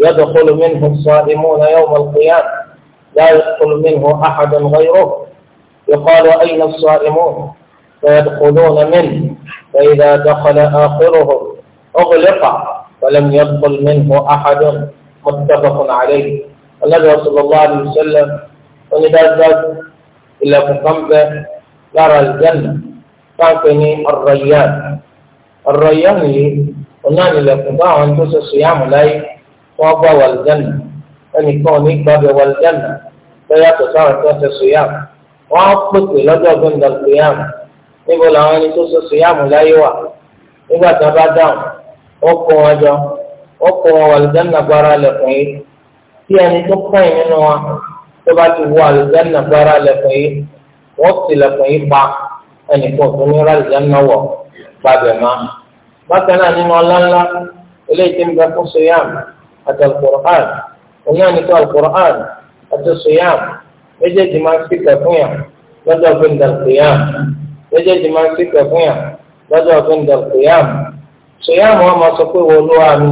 yadkhulu لا يدخل منه أحد غيره يقال أين الصائمون فيدخلون منه فإذا دخل آخره أغلق ولم يدخل منه أحد متفق عليه النبي صلى الله عليه وسلم ونبذت إلى كتنبة يرى الجنة فاتني الريان الريان هناك ونان لكتاهم الصيام لي وضوى الجنة ẹnìkan ò ní gbàgbé wọlé jẹ́nà lọ́yà tó sáwọn tó ṣe sùyàm wọ́n á pèpè lọ́jọ́ gbẹ̀ndà sùyàm níbo làwọn ẹni tó ṣe sùyàm láyé wà nígbà tí wọ́n bá dáhùn ó kó wọn jọ ó kó wọn wọlé jẹ́nà gbára lẹ̀kùn yìí tí ẹni tó kọ́yìn nínú wa tó bá ti wọ àlùjáná gbára lẹ̀kùn yìí wọ́n ti lẹ̀kùn yìí pa ẹnìkan tó ní rà àlùjáná wọ̀ gbàgbẹ́ má. bákan náà nínú ọlá ònyàn nípa alukur'an àti suyam méjèèjì máa ń síkà fún yà lọ́dọ̀ fún dàlùkìyàm méjèèjì máa ń síkà fún yà lọ́dọ̀ fún dàlùkìyàm suyam wọn máa sọ pé wọ́n lówà mí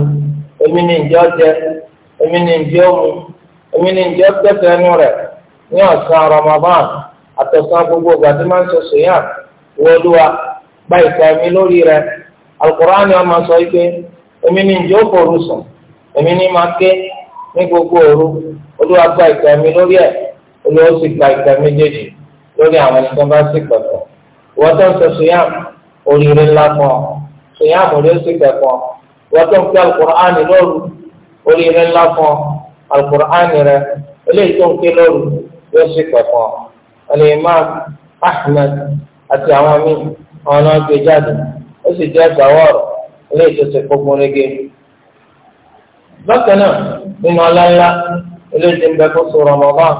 èmi ní ìjọ jẹ èmi ní ìjọ mu èmi ní ìjọ tẹ̀sẹ̀ ẹnu rẹ̀ ní ọ̀sán Ramadan àtọ̀sán gbogbo gbàdé máa ń sọ suyam wọ́n lówà gba ìkàmí lórí rẹ̀ alukur'an yẹn máa sọ yìí èmi ní ìjọ fòrùsùn ní gbogbo òru olúwa gba ìgbà mi lórí ẹ̀ olúwa sì gba ìgbà méjèèjì lórí àwọn ẹni tó bá sì pẹ̀pọ̀ wọ́n tó ń sọ sùyàm oríire ńlá fún ọ sùyàm orí ó sì pẹ̀pọ̀ wọ́n tó ń pẹ́ alukur'ani lóru oríire ńlá fún ọ alukur'ani rẹ eléyìí tó ń ké lóru ó sì pẹ̀pọ̀ alimam ahmed àti àwọn míì àwọn náà gbé jáde ó sì jẹ́ gbàwọ́ọ̀rọ̀ eléyìí tó ti kó nínú ọláńlá eléyìí ń bẹ fún sọ Ramadan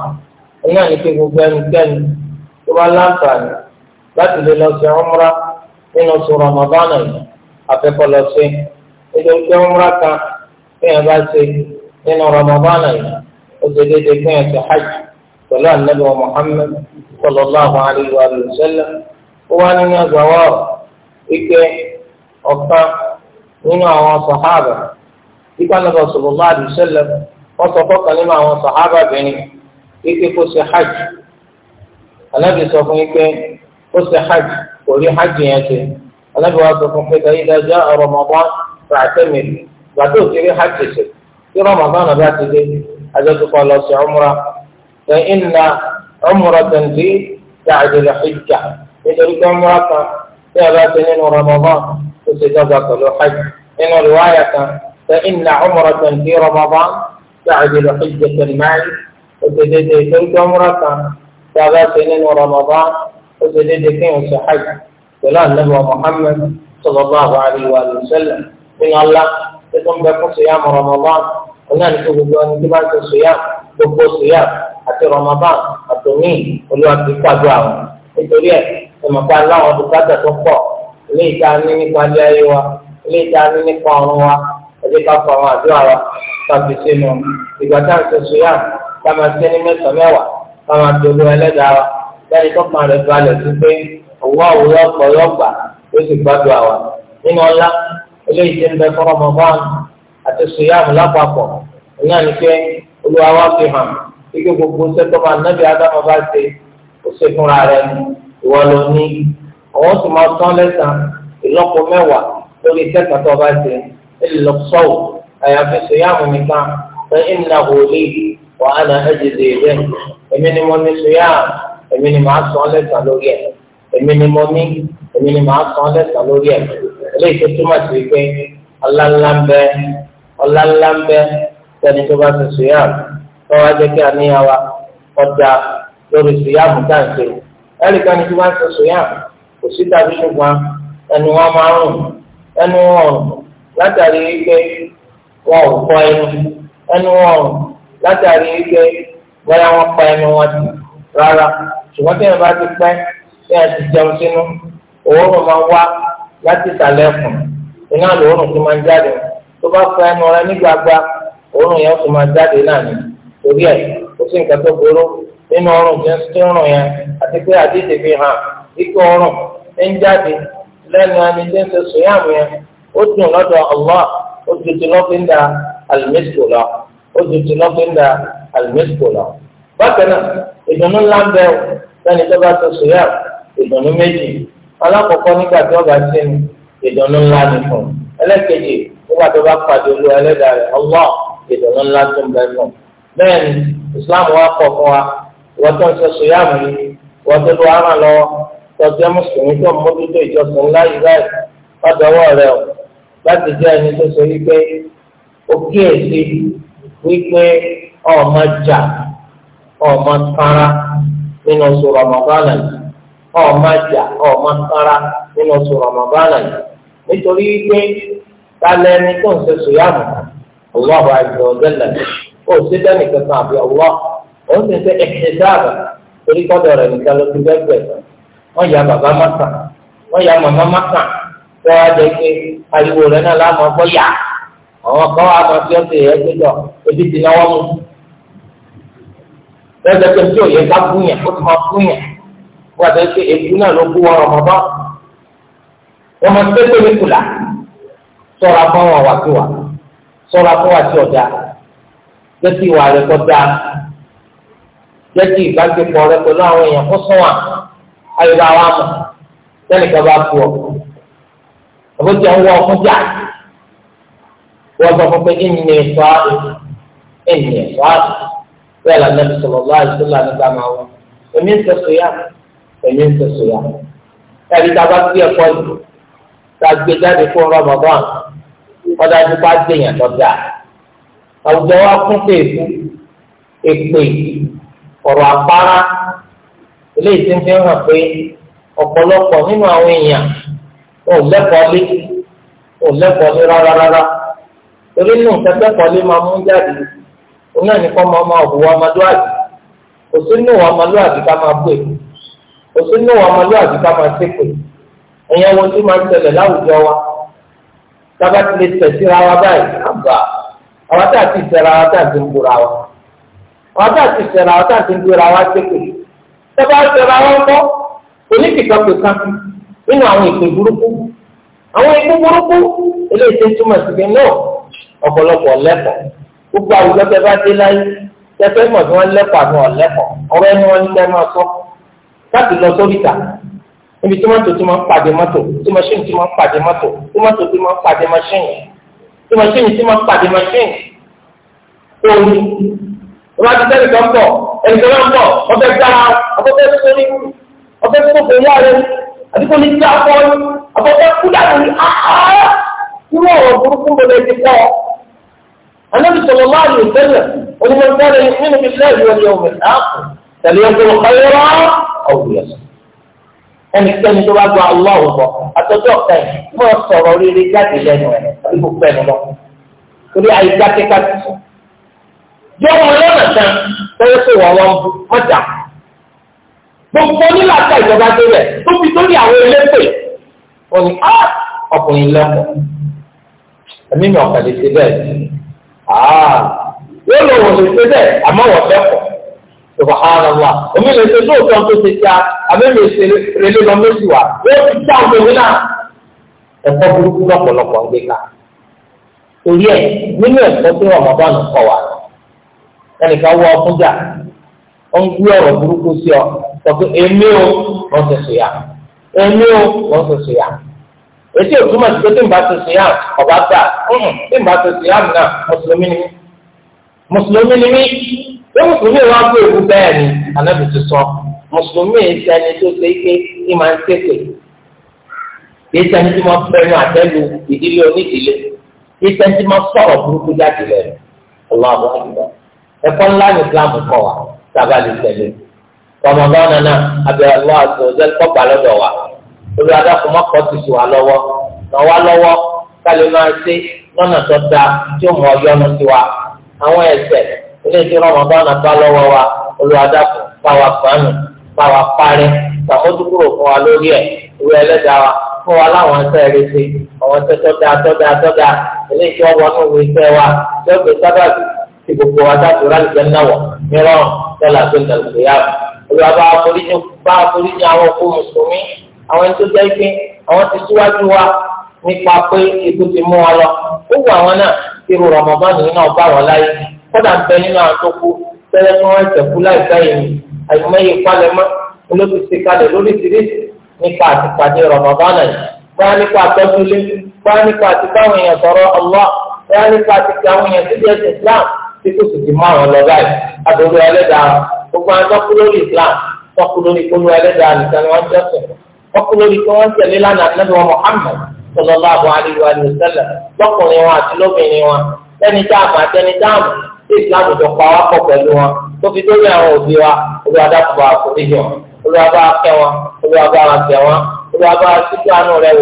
iná ní kí gbogbo ẹnikẹ́ni tó bá láǹfààní láti lè lọ sí ọmúra nínú sọ Ramadan náà afẹ́kọ́ lọ sí nítorí pé ọmúra kan kéèyàn bá ṣe nínú Ramadan náà ó ṣe déédéé kéèyàn ṣe hajj pẹ̀lú ànábì wa Muhammad sallallahu alayhi wa sallam ó wá nínú ẹgbàá wọ́ọ̀rọ̀ wípé ọ̀kan nínú àwọn sàhábà ipa lọ́ba sallallahu alaihi wasallam wọ́n sọ fọ́kàn nínú àwọn sàhábà bìnrin kíkẹ́ kó ṣe hajj alábì sọ fún yín pé kó ṣe hajj kò rí hajj yẹn ṣe alábì wa sọ fún pé kàyí dájọ́ Ramadan ràtẹ́mi gbàtó ti rí hajj ṣe tí Ramadan bá ti dé ajọ́tukọ̀ lọ sí umra ṣe inna umratan ti ta'dil hijja nítorí pé umra kan tí a bá ti nínú Ramadan فإن عمرة في رمضان تعدل حجة المال وتجد تلك عمرة سبع سنين ورمضان وتجد كين حج سلام نبوة محمد صلى الله عليه وآله وسلم من الله تقوم بكم صيام رمضان قلنا نشوف أن تبعث الصيام تبقوا صيام حتى رمضان حتى مين ولو أتبقى جاوة انتو ليه لما قال الله أبقى تتوقع ليه تعنيني قال يا أيوة ليه تعنيني قانوة pé ká fọ àwọn àdúrà wa káfí sínú ìgbà tá à ń ṣe ṣùyà ká máa ṣe ní mẹ́sàn-án mẹ́wàá ká máa dogo ẹlẹ́dàá wa lẹ́yìn tó kàn rẹ̀ balẹ̀ sí pé òwú àwòrán ọ̀pọ̀ yọ̀gbà ó sì gbádùn àwa nínú ọlá eléyìí ti ń bẹ fọ́nrọ́ mọ́ fáwọn àti ṣùyà lápapọ̀ ìyá ni pé olúwa wa fi hàn ike gbogbo sẹ́tọ́ máa nábì ádámọ̀ bá ṣe ó ṣe fúnra rẹ̀ ìwọ ló ní àwọn tó máa tán lẹ́sàn-án ìlọ́po mẹ́wàá lórí sẹ́tọ̀ tó bá ṣe إلا الصوم أي في صيام نكاح فإنه لي وأنا أجزي به èmi ni mo ní suyam èmi ni màá san lẹ́sàn lórí ẹ̀ èmi ni mo ní èmi ni màá san lẹ́sàn lórí ẹ̀ eléyìí tó túmọ̀ sí pé ọláńlá ń bẹ ọláńlá ń bẹ sẹ́ni tó bá ti suyam tó wá jẹ́ kí àníyàn wa ọjà lórí suyam dáǹsì ẹ̀rí kan ní tí wọ́n ti suyam kò sí tàbí ṣùgbọ́n ẹnu wọn máa ń rùn ẹnu wọn rùn. látàrí ike wọn ò kọ ẹnu ẹnu wọn látàrí wípé bóyá wọn pa ẹnu wọn ti rárá ṣùgbọ́n tí wọn bá ti pẹ́ tí wọn ti jẹun sínú òórùn máa wá láti ìsàlẹ̀ iná lòórùn tó máa jáde tó bá pa ẹnu rẹ nígbàgbà òórùn yẹn tó máa jáde náà ni torí nínú ọrùn tí rùn yẹn àti pé ó dùn lọ́dọ̀ Allah ó dùn ti lọ́fíńdà àlùmísìkò lọ ó dùn ti lọ́fíńdà àlùmísìkò lọ. bákan náà ìdùnnú ńlá ń bẹ o sani tó bá tó sòyà ìdùnnú méjì alákọ̀ọ́kọ́ nígbà tó bá sínú ìdùnnú ńlá ni fún ẹlẹ́kejì nígbà tó bá pàdé olú ẹlẹ́dàá rẹ̀ Allah ìdùnnú ńlá tó ń bẹ fún bẹ́ẹ̀ ni Islam wa kọ̀ fún wa wọ́n tó ń sọ sòyà mi wọ́n tó lu ara tó ń láti jẹ́ ẹni tó sọ wípé ó kíyèsí wípé ọmọ jà ọmọ kára nínú oṣù rọmọbánà yìí ọmọ jà ọmọ kára nínú oṣù rọmọbánà yìí nítorí wípé tálẹ̀ ẹni tó ń ṣe sòyàmù ọlọ́hu àjọyọ̀dẹ́lẹ̀ ó sì dẹ́ni kankan àbí ọlọ́ ó sì ń ṣe ẹ̀ṣẹ̀dáàbà torí kọ́dọ̀ rẹ̀ nìkan ló ti bẹ́ẹ̀ bẹ́ẹ̀ wọ́n ya bàbá má wọ́n ya màmá má tó wá jẹ pé ariwo rẹ náà láàmú ọgbọ́ yá àwọn kan wà máa fi ọ̀sẹ̀ yẹn gbé jọ ebi ti náwó mu lọ́jọ́ pé tí òye ká gún yẹn ó ti máa gún yẹn wọ́n àti ṣe èkú náà ló kú wọn ọmọ bá wọn máa tẹ́ tó ní kùlà sọ̀rọ̀ fún wọn wà sí wa sọ̀rọ̀ fún wa sí ọ̀dà jẹ́ kí ìwà rẹ̀ kọ́ jẹ́ kí ìbáṣepọ̀ rẹ̀ pẹ̀lú àwọn èèyàn kó sún wa ayọ̀ bá wa mọ̀ sẹ́nìkan bá kú ọ àbó tí wọn wọ ọkùn jà wọn sọ fún pé ẹnì ẹfọ àrùn ẹnì ẹfọ àrùn bẹ́ẹ̀ lànà sọlọ lọ àti sọlọ àti gbàmà wọn èmi ń sọsọ yá èmi ń sọsọ yá ẹni tá a bá gbé ẹ̀kọ́ yìí tá a gbé jáde fún rọmọbọn wọn dájú pé a yẹn tó àwùjọ wa kún fún èkú èpè ọ̀rọ̀ àpárá eléyìí ti ń fi hàn pé ọ̀pọ̀lọpọ̀ nínú àwọn èèyàn. wọn ò lẹ́kọ̀ọ́ lé wọn ò lẹ́kọ̀ọ́ lé rárá rárá torí nù kẹ́kẹ́kọ̀ọ́ lé máa mú jáde òun náà ní kọ́ máa máa hùwà ọmọlúwàbí kò sí nù wà ọmọlúwàbí ká máa gbé kò sí nù wà ọmọlúwàbí ká máa ṣépè ẹ̀yẹ́ wọn tí máa ń tẹ̀lẹ̀ láwùjọ wa tába ti lè tẹ̀ síra wa báyìí àgbà àwọn tá a ti tẹ̀ra wa tá a ti ń gbòra wa àwọn tá a ti wa tá a ti ń ṣépè wa ń bọ́ oníkìkọ́ pè nínú àwọn ìpín burúkú àwọn ìpín burúkú eléyìí tó túmọ̀ sí pé náà ọ̀pọ̀lọpọ̀ lẹ́kọ̀ọ́ gbogbo àwùjọ tẹ bá dé láyé tẹfẹ́ mọ̀ tí wọ́n lẹ́kọ̀ọ́ àti wọn lẹ́kọ̀ọ́ ọ̀rọ̀ ẹni wọn lẹ́ máa sọ láti lọ sórí ta níbi tí mọ́tò tí máa ń pàdé mọ́tò tí mọ́ṣíìnì tí máa ń pàdé mọ́tò tí mọ́tò tí máa ń pàdé mọ́ṣíìnì tí mọ́ṣíìnì tí máa pàdé mọ́ṣíìnì tó o ní ìwà ti tẹ́lẹ̀ kan bọ̀ ẹnìkan náà bọ̀ ọbẹ̀ gbára ọbẹ̀ tó kò yára àti kò ní já fọ́ ọ́ àbọ̀tẹ́ kú dànù ní àhárá ah, ah, irú ọ̀rọ̀ burúkú ló lè ti kọ́ ọ. Ànábì sọ̀rọ̀ máa lè tẹ́lẹ̀ onímọ̀tẹ́lẹ̀ nínú mi lẹ́yìn ọ̀rẹ́ ọ̀rẹ́ dáàbò tẹ̀lé ọjọ́ kọ́lẹ́rọ́ ọ̀gbìn ẹ̀sán. Ẹnikẹ́ni tó bá gba Ọlọ́run bọ̀ àtọ́jọ́ kan mọ̀ sọ̀rọ̀ rere jáde lẹ́nu ẹ̀ àbí kò pẹ́ gbogbo onílàkà ìjọba tó rẹ̀ tó fi tó ní àwọn elépè wọn ni á ọkùnrin lẹ́kọ̀ọ́ ẹ̀mí mi ọ̀kà lè ṣe bẹ́ẹ̀ ah, yóò lọ wọ̀ lè ṣe bẹ́ẹ̀ àmọ́ wọ̀ lẹ́kọ̀ọ́ subhanallah omi lè ṣe lóòótọ́ tó ṣe ṣá abẹ́mi ṣe relé lọ lóṣù wa yóò ti dá òkèwé náà ẹ̀kọ́ burúkú lọ́pọ̀lọpọ̀ ń gbé ká torí ẹ̀ nínú ẹ̀kọ́ tó wà mọ́bá nù kọ̀ ẹnìkan wọ ọkùnjà ó ń gbé ọ̀rọ̀ burúkú sí ọ sọ pé èmi o wọ́n ti sùn yà èmi o wọ́n ti sùn yà èsì òtúmọ̀ sí pé tí n bá ti sùn yà ọba gbà tí n bá ti sùn yà nà mùsùlùmí ni mí mùsùlùmí ni mí pé mùsùlùmí wa kó ewu bẹ́ẹ̀ ni anábì ti sọ mùsùlùmí yìí ti ẹni tó ṣe ike ní máa ń tètè yìí ti ẹni tí wọ́n fẹ́nu àtẹ́lu ìdílé onídìílé yìí ti ẹni tí wọ́n sọ̀rọ̀ burúkú jáde lẹ́nu ọlọ́run àbúrò ẹ̀kọ́ ńlá ní rọmọdọ́nà náà abẹ́rẹ́ lọ́wọ́ àti ọ̀jẹ́ kọ́gbà lọ́dọ̀ wa olú adákùn má kọ́ tutù wa lọ́wọ́ náà wá lọ́wọ́ kálí máa ṣe lọ́nà tó da tí ó mọ ọyọ́nu sí wa àwọn ẹ̀ṣẹ̀ ilé tí rọmọdọ́nà bá lọ́wọ́ wa olú adákùn báwa fàánù báwa parí sàmójúkúrò fún wa lórí ẹ̀ ìwé ẹlẹ́dàá wa fún wa láwọn ẹsẹ̀ rẹ̀ ṣe àwọn ẹsẹ̀ tó da tó da tó da ilé tí wọ́n wọnú ìwé iṣẹ́ wa tí gbé sábàbí ti gbogbo wa dáàbò rálẹ̀ jẹ́ náwọ̀ mìíràn tẹ́lá tó ń dàgbé olùwà bá àforíjì bá àforíjì àwọn òkú mùsùlùmí àwọn ẹni tó jẹ́ pé àwọn ti síwájú wa nípa pé ikú ti mú wọn lọ ó wù àwọn náà irú rọmọbọ́ọ̀nù yìí náà bá wọn láyé kódà ń bẹ nínú àwọn tó kú tẹ́lẹ̀ tí wọ́n ṣẹ̀ kú láìpẹ́ yìí ni àyùmọ̀yé palẹ̀mọ́ olóòtú ti kalẹ̀ lórí ìsirísi nípa àtìpàdé rọmọbọ́ọ̀nù yìí báyà nípa àtọ́júlé báyà nípa àtìkáwọn èèyàn sọ̀rọ̀ ọlọ́ báyà nípa àtìkáwọn Islam tí kò sì ti mú àwọn lọ báyìí gbogbo àwọn tó kú lórí Islam tó kú lórí kólú ẹlẹ́dàá nìkan ni wọ́n jẹ́sùn wọ́n kú lórí kí wọ́n tẹ̀lé lánàá nínú wọn Muhammad sallallahu alaihi wa sallam lọ́kùnrin wọn àti lóbìnrin wọn lẹ́ni dáàmú àtẹni dáàmú tí Islam tó pa wá pọ̀ pẹ̀lú wọn tó fi dórí àwọn òbí wa olùwàdàpọ̀ àforíjì wọn olùwàbà akẹ́ wọn olùwàbà àtẹ wọn olùwàbà àtúntò àánú rẹ̀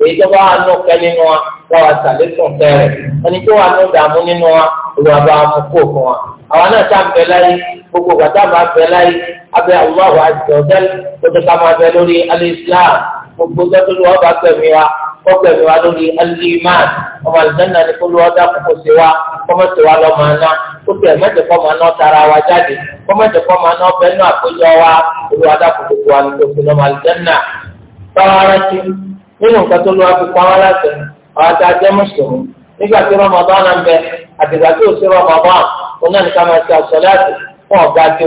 èyí tó bá wà nù kẹ́ nínú wa wọ́n wá sàlékún kẹrẹ̀ ẹni tó wà nù dààmú nínú wa olùwà bá mú kó fún wa. àwọn náà tá a bẹ láyé gbogbo gbàtà máa bẹ láyé abẹ àwùwáwà àti ọ̀dẹ́ tó ti ká máa bẹ lórí alẹ́sílám gbogbo tó lù wọ́n bá gbẹ̀mí wa wọ́n gbẹ̀mí wa lórí alẹ́mán ọmọ àlùjáná ni kó lù wọ́n dá sí wa kọ́mọ̀tì wa lọ́ máa ná ó bẹ̀ mẹ́tẹ̀ kọ́ máa ná tara wa jáde kọ́mọ̀tì kọ́ máa ná bẹ́ẹ̀ náà àpéjọ wa olùwà dá kókó wa ní nínú nǹkan tó lọ́wọ́ fi pa wá láṣẹ àwọn àti ajẹ́ mùsùlùmí nígbà tí rọmọbọ́n náà ń bẹ àtìgbà tí ò sí rọmọbọ́n òun náà ní máa ṣe àṣọ láti وأبعث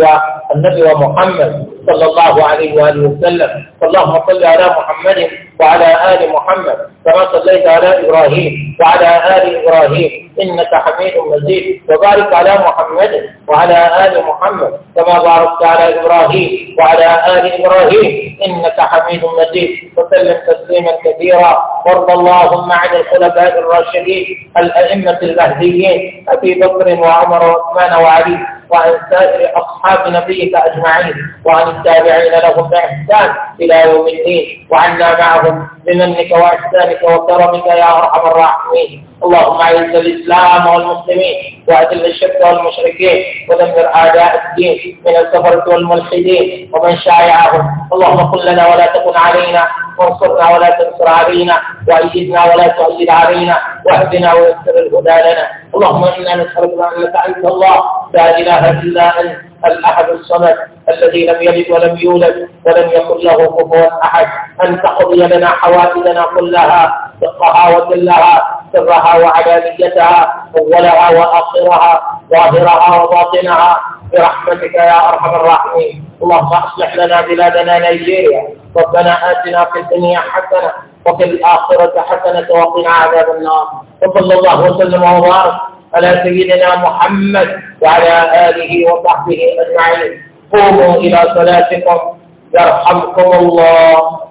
النبي ومحمد صلى الله عليه وآله وسلم اللهم صل على محمد وعلى آل محمد كما صليت على إبراهيم وعلى آل إبراهيم إنك حميد مجيد وبارك على محمد وعلى آل محمد كما باركت على إبراهيم وعلى آل إبراهيم إنك حميد مجيد وسلم تسليما كثيرا وارض اللهم عن الخلفاء الراشدين الأئمة المهديين أبي بكر وعمر وعثمان وعلي وعن سائر أصحاب نبيك أجمعين وعن التابعين لهم بإحسان إلى يوم الدين وعنا معهم بمنك وإحسانك وكرمك يا أرحم الراحمين اللهم اعز الاسلام والمسلمين واذل الشرك والمشركين ودمر اعداء الدين من الكفرة والملحدين ومن شايعهم اللهم قل لنا ولا تكن علينا وانصرنا ولا تنصر علينا وايدنا ولا تؤيد علينا واهدنا ويسر الهدى لنا اللهم انا نسالك انك انت الله لا اله الا انت الأحد الصمد الذي لم يلد ولم يولد ولم يكن له كفوا أحد أن تقضي لنا حوائجنا كلها دقها لها سرها وعلانيتها أولها وآخرها ظاهرها وباطنها برحمتك يا أرحم الراحمين اللهم أصلح لنا بلادنا نيجيريا ربنا آتنا في الدنيا حسنة وفي الآخرة حسنة وقنا عذاب النار وصلى الله وسلم وبارك على سيدنا محمد وعلى آله وصحبه أجمعين قوموا إلى صلاتكم يرحمكم الله